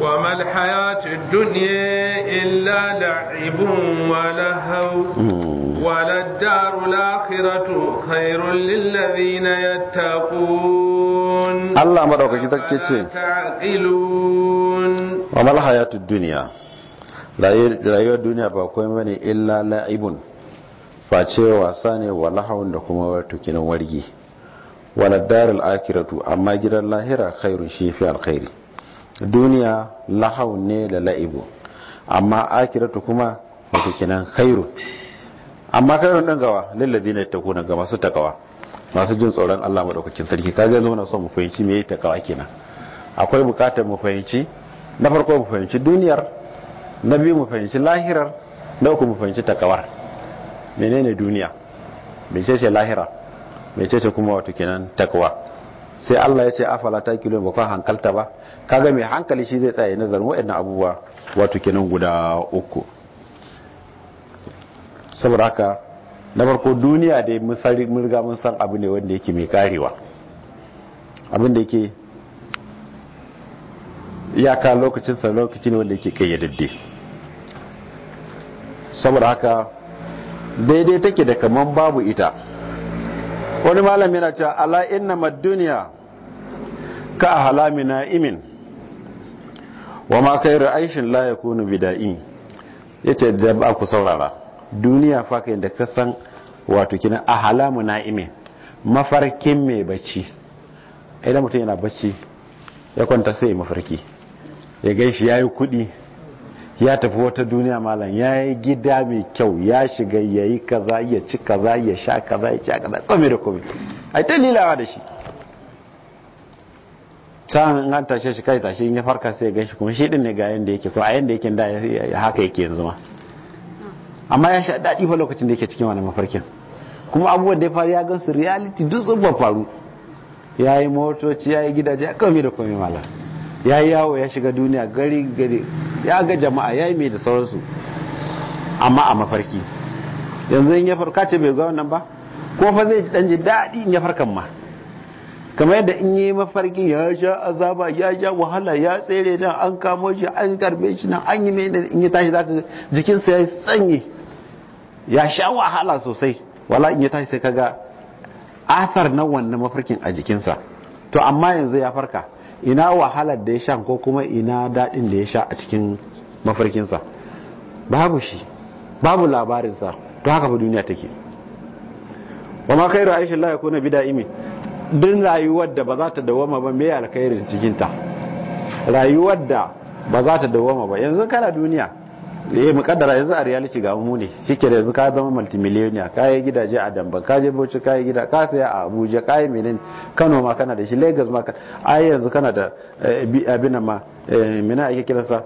وما الحياة الدنيا إلا لعب ولهو وللدار الآخرة خير للذين يتقون الله مدوك كتك تعقلون وما الحياة الدنيا rayuwar duniya ba komai bane illa la'ibun face wasa ne wa da kuma wato kinan wargi wala darul akhiratu amma gidan lahira khairun shi fi alkhairi duniya lahau ne da la'ibu amma akiratu kuma wata kinan khairu amma khairun din gawa zina ne kuna ga masu takawa masu jin tsoron Allah madaukakin sarki kaga yanzu muna son mu fahimci me takawa kenan akwai bukatar mu fahimci na farko mu fahimci duniyar na biyu mu fahimci lahirar na uku mu fahimci takawar menene duniya mecece lahira mecece kuma wata kinan takawa sai Allah ya ce afala ta kilo ba kwa hankalta ba kaga mai hankali shi zai tsaye nazarin waɗannan abubuwa wato kenan guda uku saboda haka na farko duniya da mun riga mun san abu ne wanda yake mai karewa abin da yake iyaka lokacin sa lokaci ne wanda yake kayyadadde saboda haka daidai take da kaman babu ita wani malami yana cewa ala inna duniya ka na na'imin wa ma khairu aishin la yakunu bida'i yace da ba ku saurara duniya fa kai da ka san wato kina imin na'imin mafarkin mai bacci idan mutum yana bacci ya kwanta sai mafarki ya gan shi yi kudi ya tafi wata duniya malam ya yi gida mai kyau ya shiga ya yi kaza ya ci kaza ya sha kaza ya ci kaza kome da kome a ta lilawa da shi can an tashe shi kai tashe ya farka sai gan shi kuma shi din ne ga yadda yake kuma a yadda yake da ya haka yake yanzu ma amma ya sha daɗi fa lokacin da yake cikin wani mafarkin kuma abubuwan da ya faru ya gansu reality duk sun faru ya yi motoci ya yi gidaje ya kome da kome malam ya yi yawo ya shiga duniya gari gari ya ga jama'a ya yi mai da sauransu amma a mafarki yanzu in ya farka ce bai ga wannan ba ko fa zai ji danji daɗi in ya farkan ma kamar yadda in yi mafarkin ya sha azaba ya sha wahala ya tsere nan an kamo shi an karbe shi nan an yi mai da in ya tashi zaka jikinsa ya yi sanyi ya sha wahala sosai wala in ya tashi sai kaga athar na wannan mafarkin a jikinsa to amma yanzu ya farka ina wahalar da ya sha ko kuma ina daɗin da ya sha a cikin mafarkinsa babu shi babu labarinsa to haka fi duniya take wa ma khairu aisha la yakuna bida'imi din rayuwar da ba za ta dawama ba me alkhairin cikin ta rayuwar da ba za ta dawama ba yanzu kana duniya eh mukaddara yanzu a reality ga mu ne shike da yanzu ka zama multimillionaire ka yi gidaje a Damban ka je Bauchi ka yi gida ka saya a Abuja ka yi menene Kano ma kana da shi Lagos ma ka ai yanzu kana da eh, abin ma eh, mina ake kiransa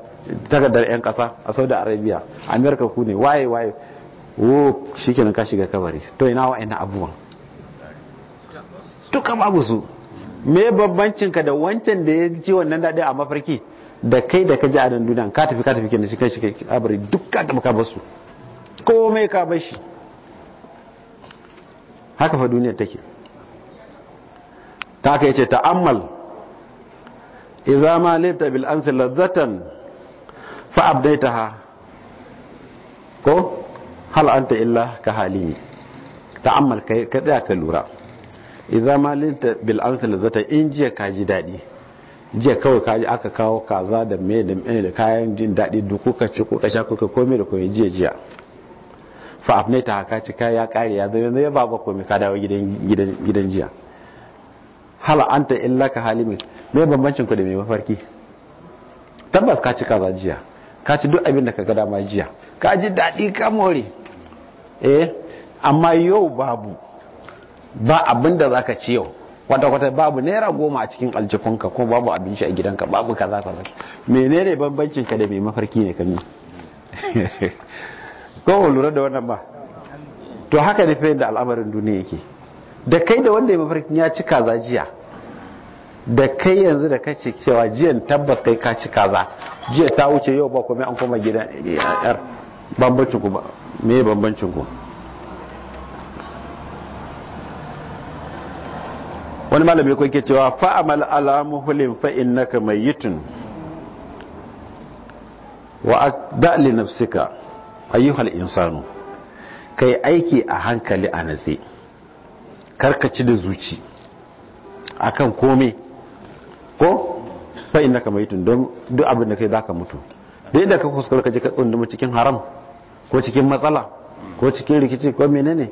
takardar yan kasa a Saudi Arabia America ku ne waye waye wo shikenan ka shiga kabari to ina wa'annan abubuwan dukkan abu su me bambancin ka da wancan da ya ji wannan daɗi a mafarki da kai da ka ji a nan duniya ka tafi ka tafi kenan shi kai shi kai kabari duk da tafi ka bar su komai ka bar shi haka fa duniya take ta kai ce ta'ammal idza ma lita bil ansi ladzatan fa abdaitaha ko hal anta illa ka halini ta'ammal kai ka tsaya ka lura idza ma lita bil ansi ladzatan in ji ka ji dadi jiya kawai kaji aka kawo kaza da me da me da kayan jin daɗi duk kuka ci kuka sha kuka komai da komai jiya jiya fa afne ta haka ci kai ya kare ya zai ya ba komai ka dawo gidan gidan jiya hala anta illaka halimin me bambancin ku da me mafarki tabbas ka ci kaza jiya ka ci duk abin da ka ga dama jiya ka ji daɗi ka more eh amma yau babu ba abin da zaka ci yau kwata-kwata babu naira goma a cikin aljikunka ko babu abinci a gidanka babu kaza kaza menene bambancin ka da mai mafarki ne kami <laughs> ko lura da wannan ba to haka ne da al'amarin duniya yake da kai da wanda ya mafarkin ya ci kaza jiya da kai yanzu da kace cewa jiyan tabbas kai ka ci kaza jiya ta wuce yau ba komai an koma gidan eh, yar bambancin ku ba me bambancin ku wani malami ko ke cewa fa'amal fa’in na ka mai mayyitun wa akda li ayyuhal insanu kai aiki a hankali a nasi karkaci da zuci a kan komai ko fa'in ka mai mayyitun don duk abin da kai ka mutu da inda ka kuskar ka je ka cikin haram ko cikin matsala ko cikin rikici ko menene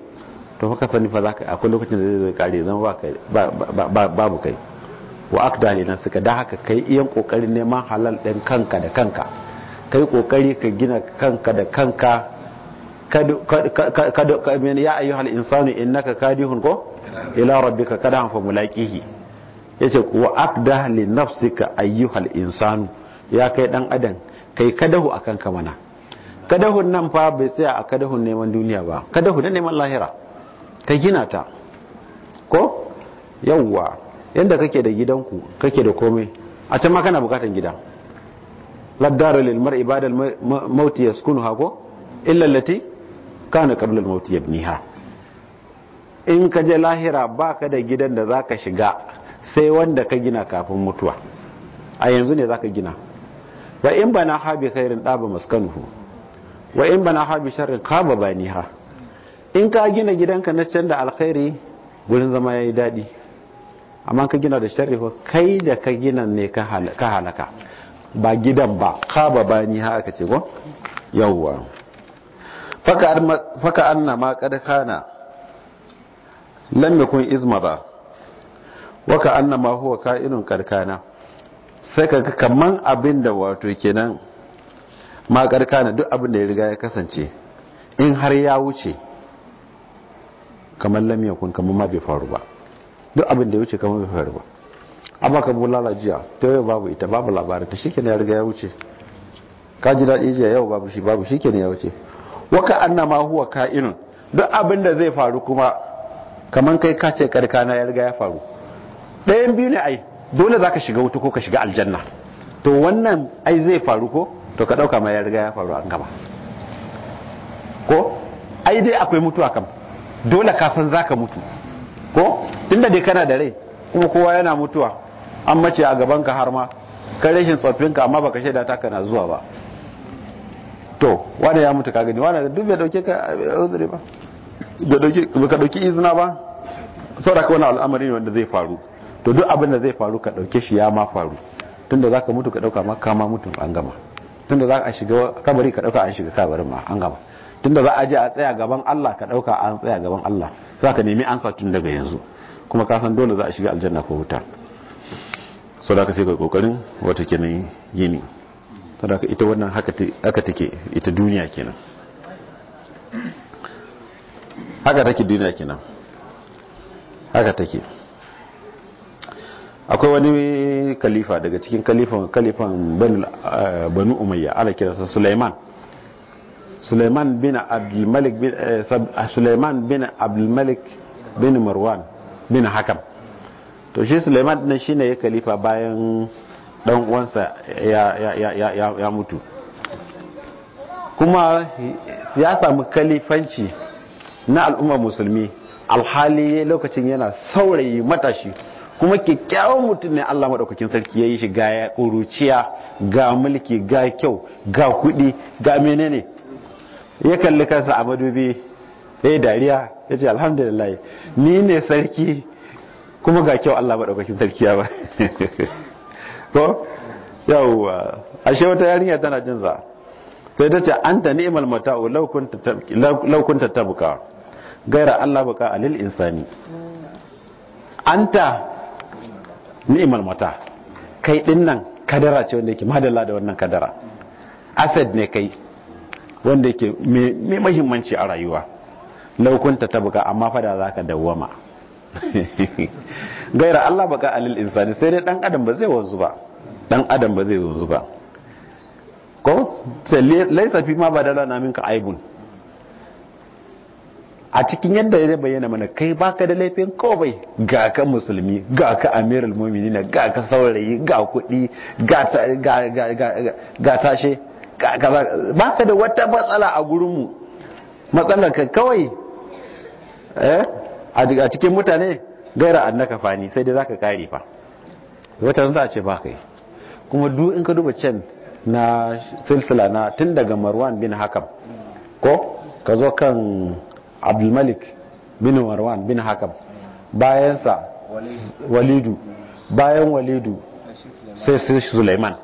to fa ka sani fa zaka akwai lokacin da zai zo kare zan ba kai babu kai wa akdali nan suka da haka kai iyan kokarin neman halal din kanka da kanka kai kokari ka gina kanka da kanka kada kada ya ayyuhal insanu innaka kadihun ko ila rabbika kadahan fa mulakihi yace wa akdah li nafsika ayyuhal insanu ya kai dan adam kai kadahu akan ka mana kadahun nan fa bai tsaya a kadahun neman duniya ba kadahun neman lahira ka gina ta ko yawwa yadda kake da gidanku kake da komai a can ma kana bukatan gida laddara lilmar ibadar ba'da ya sukunu hako ko illa allati kana qabla al in ka je lahira ba ka da gidan da za ka shiga sai wanda ka gina kafin mutuwa a yanzu ne za ka gina wa in bana habi kairin daba maskanuhu wa in bana habi sharrin kaba baniha in ka gina gidanka na can da alkhairi gurin zama ya yi daɗi amma ka gina da sharri kai da ka gina ne ka halaka ba gidan ba ka ba bani ha aka ce ko yawwa faka an ma kada kana lam izma ba waka an na mahuwa ka'inun karkana sai ka kaman abin da wato kenan ma kana duk abin da ya riga ya kasance in har ya wuce kamar lamiya kun kamar ma bai faru ba duk abin da ya wuce kamar bai faru ba amma ka bula jiya ta yau babu ita babu labarin ta ne ya riga ya wuce ka ji daɗi jiya yau babu shi babu ne ya wuce waka annama huwa ka'inun duk abin da zai faru kuma kamar kai ka ce karkana ya riga ya faru ɗayan biyu ne ai dole za ka shiga wuta ko ka shiga aljanna to wannan ai zai faru ko to ka ɗauka ma ya riga ya faru an gaba ko ai dai akwai mutuwa kam dole ka san zaka mutu ko tunda dai kana da rai kuma kowa yana mutuwa an mace a gaban ka har ma ka rashin ka amma baka shaida ta kana zuwa ba to wani ya mutu ka gani wani duk bai dauke ka uzuri ba baka dauki izina ba saboda ka wani al'amari ne wanda zai faru to duk abin da zai faru ka dauke shi ya ma faru tunda zaka mutu ka dauka ma kama mutum an gama tunda za a shiga kabari ka dauka an shiga kabarin ma an gama tunda za a je a tsaya gaban Allah ka dauka an tsaya gaban Allah za ka nemi ansa tun daga yanzu kuma ka san dole za a shiga aljanna ko wuta so da ka sai ka kokarin wata kenan yini sadaka ita wannan haka take ita duniya kenan haka take duniya kenan haka take akwai wani kalifa daga cikin kalifan kalifan eh, banu umayya ala sa sulaiman Suleiman bin Abdulmalik bin eh, eh, bin Abdulmalik bin Marwan bin hakan to shi Suleiman shi ne ya kalifa bayan dan uwansa ya mutu kuma ya samu kalifanci na al'ummar musulmi alhali lokacin yana saurayi matashi kuma kyakkyawan mutum ne Allah maɗaukakin sarki ya yi shi ga ƙuruciya ga mulki ga kyau ga kuɗi ga menene ya kalli kansa a madubi ya yi dariya ya ce alhamdulillah ni ne sarki kuma ga kyau Allah maɗaukakin sarki ba <laughs> ko yawwa ashe wata yarinya tana jin za sai ta ce an ta ni'mal mata'u laukunta ta gaira Allah a alil insani An ta ni'mal mata kai ɗinnan kadara ce wanda yake madalla da wannan kadara asad ne kai wanda yake mai mahimmanci a rayuwa laukunta ta buka amma fada za ka dawwama <laughs> gaira Allah baka alil insani sai dai dan adam ba zai wanzu ba dan adam ba zai wanzu ba ko sai laisa fi ma badala na minka aibun a cikin yadda ya bayyana mana kai baka da laifin kawai ga ka musulmi ga ka amirul mu'minina ga ka saurayi ga kuɗi ga tashe ba ka da wata matsala a gurinmu matsala ka kawai eh, a cikin mutane gaira annaka fani sai dai za ka kare fa wata za a ce ba ka kuma duk in ka duba can na silsila na tun daga marwan bin hakam ko ka zo kan abdulmalik bin marwan bin hakam bayansa walidu bayan walidu sai sai sulaiman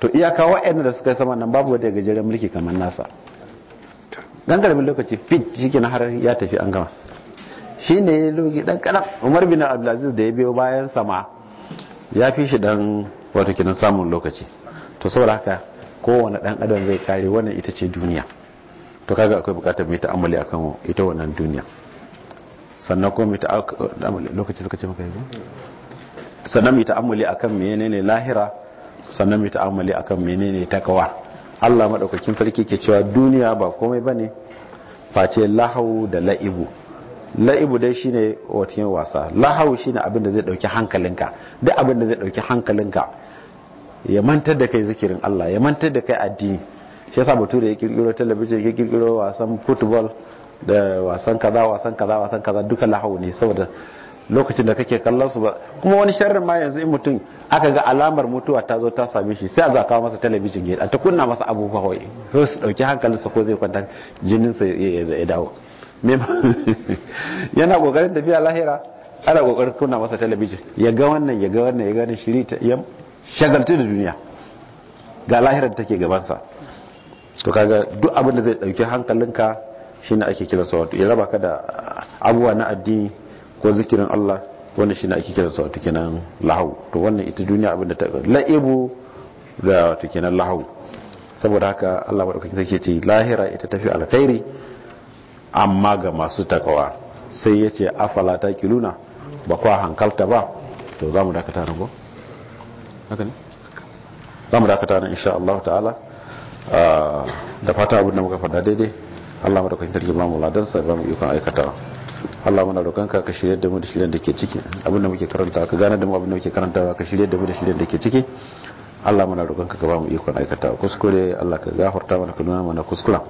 to iyaka wa'annan da suka yi saman nan babu wata ya gajeren mulki kamar nasa dan karamin lokaci fit shike na har ya tafi an gama shi ne ya lugi ɗan ƙanan umar bin abdulaziz da ya biyo bayan sama ya fi shi ɗan wato kinan samun lokaci to saboda haka kowane ɗan adam zai kare wannan ita ce duniya to kaga akwai bukatar mai ta'ammali akan ita wannan duniya sannan kuma mai ta'ammali lokaci suka ce maka yanzu sannan mai ta'ammali akan menene lahira sannan mai ta'amali akan menene kawa Allah madaukakin sarki ke cewa duniya ba komai ne. face lahau da la'ibu la'ibu dai shine watan wasa lahau shine abin da zai dauki hankalinka duk abin da zai ɗauki hankalinka ya mantar da kai zikirin Allah ya mantar da kai addini shi yasa bature ya kirkiro talabijin ya kirkiro wasan football da wasan kaza wasan kaza wasan kaza duka lahau ne saboda lokacin da kake kallon su ba kuma wani sharrin ma yanzu in mutum aka ga alamar mutuwa ta zo ta same shi sai a za kawo masa talabijin gida ta kunna masa abubuwa hoyi so su dauki hankalinsa ko zai kwanta sa ya dawo <laughs> yana kokarin tafiya lahira ana kokarin kunna masa talabijin ya ga wannan ya ga wannan ya ga shiri ta yam shagaltu da duniya ga lahirar take gabansa to kaga duk abin da zai dauki hankalinka shine ake sa wato ya raba ka da abubuwa na addini ko zikirin Allah wannan shine ake kira su tukinan kenan lahau to wannan ita duniya abinda ta la'ibu da tukinan kenan lahau saboda haka Allah madaukakin sai ce lahira ita tafi alkhairi amma ga masu takawa sai yace afala taqiluna ba kwa hankalta ba to zamu dakata nan go haka ne zamu dakata nan insha Allah ta'ala ah, da fata abin da muka faɗa daidai Allah madaukakin sarki ba mu ladan sa ba mu kan aikatawa Allah muna roƙon ka shirye da mu da shiryen da ke ciki abinda muke karanta ka gane da mu abinda muke karantawa ka shirye da mu da shiryen da ke ciki Allah muna roƙon ka ba mu ikon aikata kuskure Allah ka gafarta mana ka nuna mana kuskura